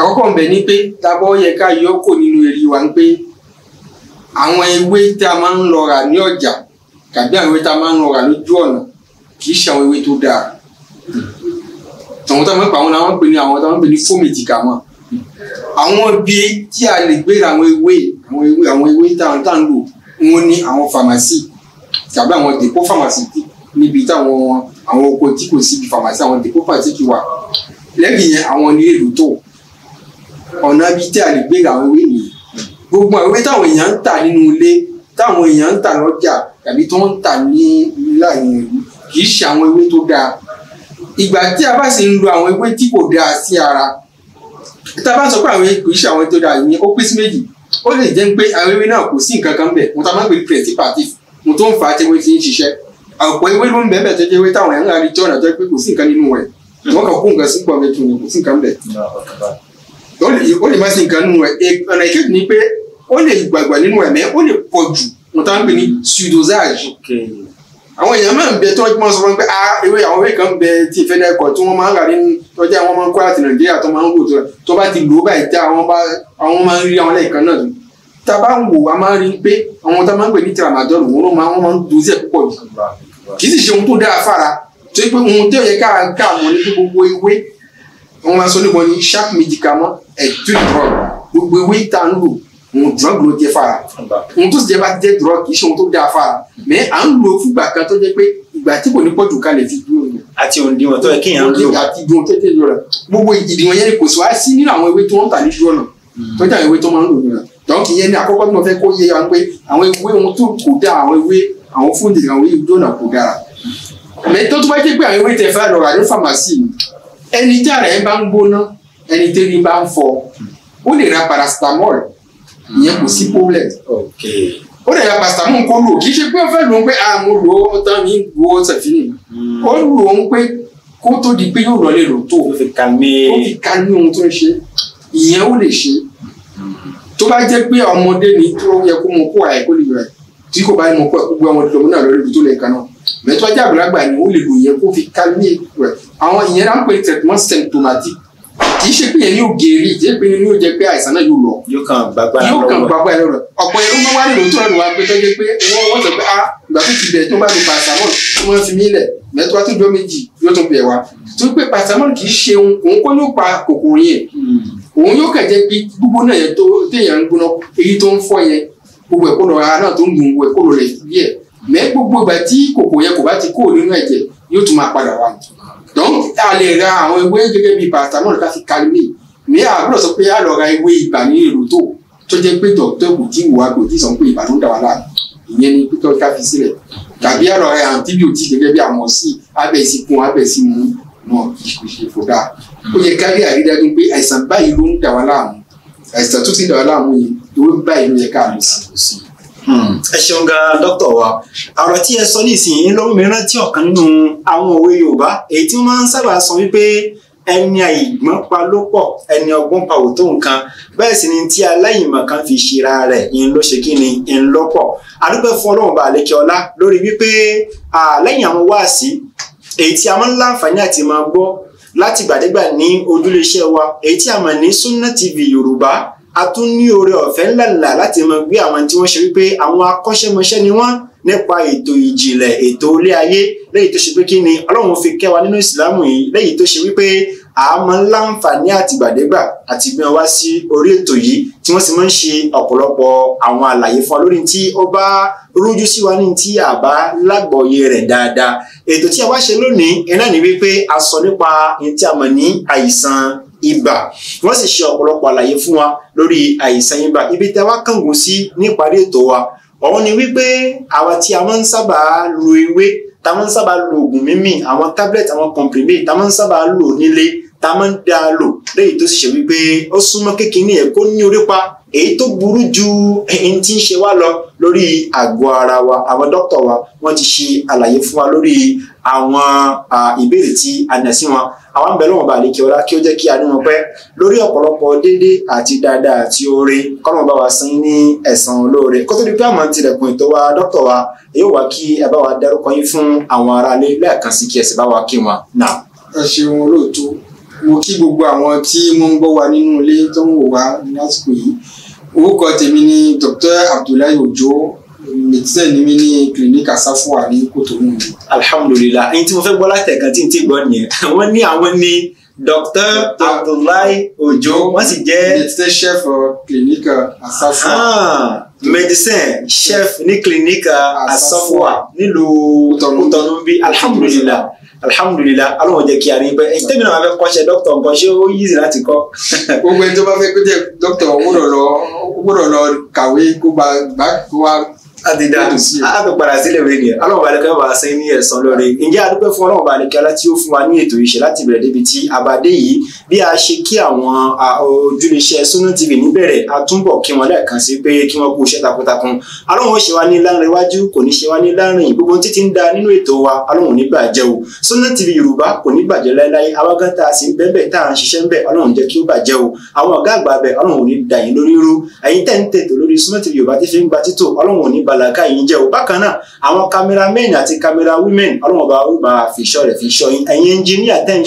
Speaker 3: àkọ́kọ́ ńbẹ ni pé tábọ́ yẹ ká yọ kò nínú eré wa ń pé àwọn ewé tá a máa ń lọ rà ní ọjà tàbí àwọn ewé tá a máa ń lọ rà lójú ọ̀nà kì í ṣe àwọn ewé tó dáa àwọn táwọn ń pè àwọn làwọn ń pè ní àwọn táwọn ń pè ní fómìtìkà wọn àwọn ibi tí a lè gbéra àwọn ewé àwọn ewé àwọn ewé tá à ń lò wọn ní àwọn fàmásì tàbí àwọn dèpó fàmásì níbi táwọn àwọn oko tí kò síbi fàmásì àwọn dèpó pàtíkì wà lẹ́yìn yẹn àwọn nílé lótò ọ̀nà ibi tí a lè gbé àwọn ìwé nìyí gbogbo àwọn ìwé táwọn èèyàn ń tà nínú ilé táwọn èèyàn ń tà lọ́jà tàbí tó ń tà ní láàyè ìlú kì í ṣe àwọn ìwé tó dáa ìgbà tí a bá sì ń lo àwọn ìwé tí kò dáa sí ara tá a bá sọ pé àwọn ìwé kì í ṣe àwọn tó dáa ìyẹn ó pín sí méjì ó lè jẹ́ pé àwọn ìwé náà kò sí nǹkan kan bẹ̀ mo ta máa ń pè creative mo tó ń fà á tí wọ́n fi ń ṣiṣẹ́ àpò ìwé ló ń bẹ́ẹ̀ bẹ́ẹ̀ tó jẹ́ pé táwọn èèyàn ń rí jọ́nà tó jẹ́ pé kò sí nǹkan nínú rẹ̀ wọ́n kàn kó nǹkan sí pọ̀ mẹ́tò ni kò sí nǹkan bẹ̀ ó lè má sí nǹkan nínú ẹ̀ ọ̀nà ìkejì ni pé ó lè gbàgbà nínú ẹ̀mẹ́ ó lè pọ̀ jù wọn táwọn ń pè ní pseudosage àwọn èèyàn máa ń bẹ tí wọ́n máa ń sọ fún mi pé ah ewé àwọn ewé kan bẹ tí ìfẹ́ náà kọ̀ tí wọ́n máa ń rà nínú tọ́jú àwọn máa ń kó láti nàìjíríà tó máa ń wò tó tó bá ti lò ó báyìí tá àwọn bá àwọn máa ń rí àwọn lẹ́ẹ̀kan náà tó tá a bá ń wò a máa ń rí pé àwọn tá a máa ń pè ní tramadol wọn ló máa ń dozi ẹ̀ púpọ̀ jù kì í sì ṣe ohun tó dáa fara tó yẹ pé ohun tó yẹ ká àwọn ní gbogbo ewé wọn máa sọ nípa ní sharp medicament ẹ̀dùn drug gbogbo ewé tá ń lò òun drug ló jẹ́ fara òun tó sì jẹ́ bá jẹ́ drug kì í ṣe ohun tó dáa fara mẹ́ à ń lo fúgbà kan tó jẹ́ pé ìgbà tí kò ní pọ̀jù ká lè fi dúró yẹn. àti òǹdíwọ̀n tó yẹ kí èèyàn lò. àti ìdíwọ̀n tó yẹ kí èèyàn lò gbogbo ìdíwọ̀n yẹn kò sí wá sí nínú àwọn ewé tó ń tà ní dúró náà hmm. tó jẹ́ àwọn ewé tó máa ń lò nínú rẹ̀ dọ́ọ̀kì yẹn ní àkọ́kọ́ tí mo fẹ́ kó yé wa pé àwọn ewé ohun tó kò dáa àwọn ewé àwọn fúndì àwọn ewé dọ́nà kò dára mẹ́tọ́ tó bá jẹ́ pé àwọn ewé tẹ̀ fẹ́ lọ rà ní fàmásì ẹni jára ẹ bá ń gbóná ẹni tẹ́bi bá ń fọ ó lè ra paracetamol ìyẹn kò sí problem ó lè ra paracetamol kó lò kì í ṣe pé ó fẹ́ lò ó pé a ah, mo lò ó tán mi wo sẹ̀fínì hmm. ó lò ó pé kó tó di pé yóò lọlé lò tó ó fi ka ní ohun tó ń ṣe ìyẹn ó lè ṣe tó bá jẹ́ pé ọmọdé ni tó yẹ kó mọ kó àyè kó lè rẹ̀ tí kò bá mọ kó gbogbo ọmọdé lọ́mọ náà lórí ibi tó lè kan náà mẹ́tọ́ ajá àgbàlagbà ni ó lè lò yẹn kó fi ka ní rẹ̀ àwọn ìyẹn náà ń pè traitement symptomatique kì í ṣe pé ẹni ò gèrí kì í ṣe pé ẹni ò jẹ pé àìsàn náà yóò lọ. yóò kàn gbàgbà lọ́wọ́ yóò kàn gbàgbà lọ́wọ́ ọ̀pọ̀ ẹ̀rọ máa wá nílò tó rẹ̀ wá pé tọ́jú pé wọ́n wọ́n sọ pé ah ìgbà tó ti bẹ̀ tó bá mi paracetamol tó máa fi mí lẹ̀ mẹ́tọ́ tó dọ́ méjì yóò tún bẹ̀ wá. tó pé paracetamol kì í ṣe òun òun kọ́ ló pa kòkòrò yẹn
Speaker 1: hmm. òun yóò kàn
Speaker 3: jẹ́ pé gbígbóná yẹn tó téèyàn ń gbóná èyí tó ń fọ́ yẹn gbogbo ẹ̀kọ́ lọ ara náà tó ń dùn gbogbo ẹ̀kọ́ lọ rẹ̀ yẹ mẹ́ gbogbo ìgbà tí kòkòrò yẹn kò bá ti kúrò nínú ẹ̀jẹ̀ yóò tún máa padà wá donc a lè ra àwọn ewé gẹ́gẹ́ bíi paracetamol ká fi kalmi ní àbúrò sọ pé a lọ ra ewé ibà ní èrò tó tó jẹ́ pé dọ̀tọ̀ kò tí wò agbò tí sọ pé ibà ló ń dà wá láàmú ìyẹn ni pítọ́ ká fi sílẹ̀ tàbí a lọ ra antibiotics gẹ́gẹ́ bí àwọn sí abẹ́ ìsìnkún abẹ́ ìsìnkún náà kò ṣe kò dáa ó yẹ ká rí àrídájú pé àìsàn báyìí ló ń dà wá láàmú àìsàn tó ti dà wá láàmú yìí ewé báyìí ló yẹ ká lọ sí i. Hmm. ẹ ṣeun gan dókítà wa ọ̀rọ̀ tí ẹ
Speaker 2: sọ nísìnyí ló mú mi rántí ọ̀kan nínú àwọn òwe yorùbá èyí tí wọ́n máa ń sábà sọ wípé ẹni àìgbọ́n pa ló pọ̀ ẹni ọgbọ́n pa ò tó nǹkan bẹ́ẹ̀ sì ni tí aláìmọ̀ kan fi ṣera rẹ̀ ń ló ṣe kí ni ń ló pọ̀ àdúgbò fún ọlọ́run bá àlékè ọlá lórí wípé lẹ́yìn àwọn wáàsí èyí tí a máa ń láǹfààní àti máa gbọ́ látìgbàdégbà ní ojúlé iṣẹ́ wa èyí tí a mọ̀ ní Sunna TV Yorùbá a tún ní oore ọ̀fẹ́ ńláńlá láti mọ gbé àwọn tí wọ́n ṣe wípé àwọn akọ́ṣẹ́mọṣẹ́ ni wọ́n nípa ètò ìjìnlẹ̀ ètò ilé ayé léyìí tó ṣe pé kí ni ọlọ́run fi kẹ́ wa nínú ìsìlámù yìí léyìí tó ṣe wípé àmọ́ láǹfààní àtìgbàdégbà àti gbé wá sí orí ètò yìí tí wọ́n sì máa ń ṣe ọ̀pọ̀lọpọ̀ àwọn àlàyé fún wa lórí tí ó bá rújú sí wa ní tí àbá lágbọ̀ọ́yé rẹ̀ dáadáa ètò tí a wá ṣe lónìí iná ní wípé a sọ nípa ní tí a mọ̀ ní àìsàn ibà wọ́n sì ṣe ọ̀pọ̀lọpọ̀ àlàyé fún wa lórí àìsàn ibà ibi tí a wá kàngùn sí níparí ètò wa ọ̀hún ni wípé àwa tí a máa ń sábà lo ewé tá a máa ń sábà lo oògùn mímì àwọn tablet àwọn comprimé tá a máa ń sábà lò nílé tá a máa ń dá a lò léyìí tó sì ṣe wípé ó súnmọ́ kékeré ẹ̀ kó ní orí pa èyí tó burú ju ẹni tí ń ṣe wá lọ lórí àgọ́ ara wa àwọn dókítà wa wọ́n ti ṣe àlàyé fún wa lórí àwọn ìbéèrè tí a nà sí wọn àwọn ń bẹ lọ́wọ́n bá àlékè ọlá kí ó jẹ́ kí a ní wọn pẹ́ lórí ọ̀pọ̀lọpọ̀ dédé àti dáadáa àti oore kọ́nà bá wa sin ní ẹ̀san olóore kó tó di pé àmọ́ tilẹ̀kùn ètò wa dókítà wa èyí wà kí ẹ bá wa dárúkọ yín fún àwọn aráalé lẹ́ẹ̀kan sí kí ẹ sì bá wa kí wọn
Speaker 3: náà. ẹ ṣeun olóòtú mo kí gbogbo àwọn tí wọ́n ń gbọ́ wa nínú ilé tó ń wò wá lásìkò yìí orúkọ tèmi ni Dr. Abdullahi Ojo ṣiṣẹ́ ni mí ní clinic Asafua
Speaker 2: ní Cotonou. alhamdulilah ẹni tí mo fẹ́ gbọ́ láti ẹ̀ka tí n ti gbọ́ nìyẹn wọ́n ní àwọn ní Dr Abdullahi Ojo wọ́n sì jẹ́. médecin chef clinic Asafua. Ah, medicine chef ní clinic Asafua nílùú Cotonou bí alhamdulilah alhamdulilah alahu jẹ kí a rí pé ẹ̀yin tẹ́mi náà máa fẹ́ kọ́ṣẹ́
Speaker 3: dókítà nǹkan ṣé ó yíṣẹ́ láti kọ́. gbogbo ẹni tó bá fẹ́ kó jẹ dókítà ó gbọ́dọ̀ lọ kàwé kó gba àtìdá àtòpadà sílẹ̀ wẹ̀ ni ọlọ́run bá lẹ́kẹ́
Speaker 2: bá sẹ́yìn ní ẹ̀sán lọ́rẹ́ ǹjẹ́ a dúpẹ́ fún ọlọ́run bá lẹ́kẹ́ ọlá tí ó fún wa ní ètò ìṣe láti bẹ̀rẹ̀ débi tí a bá dé yìí bí a ṣe kí àwọn ojúlẹ̀ṣẹ́ Sunna TV níbẹ̀rẹ̀ a túnbọ̀ kí wọn lẹ́ẹ̀kan sí pé kí wọ́n kú iṣẹ́ takuntakun ọlọ́run ó ṣe wá ní láàrin iwájú kò ní ṣe wá ní láàrin gbogbo títí ń da nínú ètò wa ọlọ́run ní bàjẹ́ o Sunna TV yorùbá kò ní bàjẹ́ láéláé awágán tá a sì ń bẹ́ẹ̀ tá a ń ṣiṣẹ́ ń bẹ́ẹ̀ ọlọ́run jẹ́ kí ó bàjẹ́ o àwọn ọ̀gá àgbà bẹ̀ ọlọ́run ní dà lórí rú ẹ̀yin tẹ̀ ń tètò lórí Sunna TV yorùbá ti fi ń gba títò ọlọ́run ní balaka yín jẹ́ o bákan náà àwọn cameramen àti camera women ọlọ́run bá ó máa fi iṣọ́ rẹ̀ fi iṣọ́ yín ẹ̀yin engineer tẹ́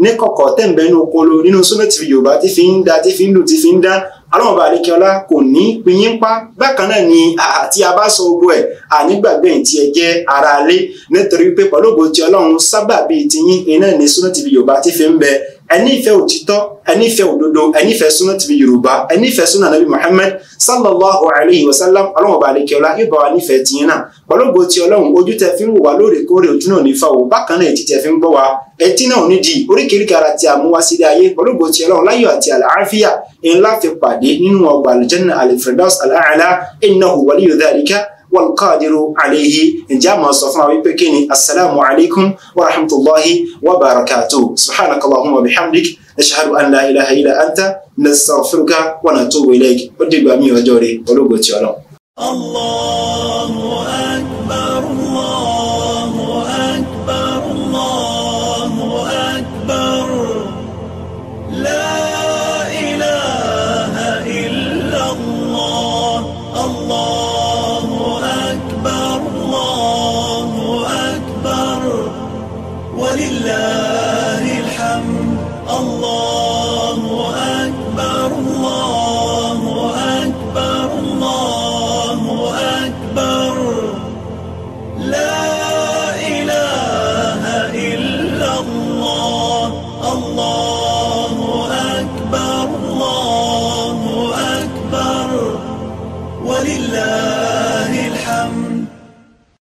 Speaker 2: ní kọ̀kọ̀ tẹ̀ ń bẹ́ẹ̀ nínú nínú Sunna TV yorùbá ti fi ń da ti fi ń lù ti fi ń dá ọlọ́run bá àlékè ọlá kò ní pinyín bákan náà ni àti abáṣọ ogun ẹ̀ ànígbàgbé ìtì ẹ̀ jẹ́ ara lé nítorí pé pẹ̀lú ògo ti ọlọ́run sábàbí tiyín iná ní Sunna TV Yorùbá ti fi ń bẹ ẹni ìfẹ́ òtítọ́ ẹni ìfẹ́ òdodo ẹni ìfẹ́ Sunna Yorùbá ẹni ìfẹ́ Sunna Nabi Muhammad sallallahu alayhi wa sallam ọlọ́run ọba àlekẹ́ ọlá yóò bá wa nífẹ̀ẹ́ tiyín náà pọ̀lọ́gbò tí ọlọ́run ojú tẹ fi ń wò wá lóòrèkóòrè ojú náà nífa wò bákan náà ètí tẹ fi ń gbọ́ wa etí náà nídìí oríkèéríkèé ara tí a sílé ayé pọ̀lọ́gbò tí ọlọ́run láyọ̀ àti àlàáfíà in láti pàdé nínú ọgbà àlùjẹ́nà al-firdaus al-a'la innahu waliyu dhalika wal qadiru alayhi ǹjẹ́ àmọ́ sọ fún wa wípé kí ni assalamu alaykum wa rahmatulahi wa barakatuh subhanaka allahumma wa bihamdik nashhadu an la ilaha illa anta nastaghfiruka wa natubu ilayk ó dìgbà mí ọjọ́ rẹ̀ ológo tí ọlọ́. Allah.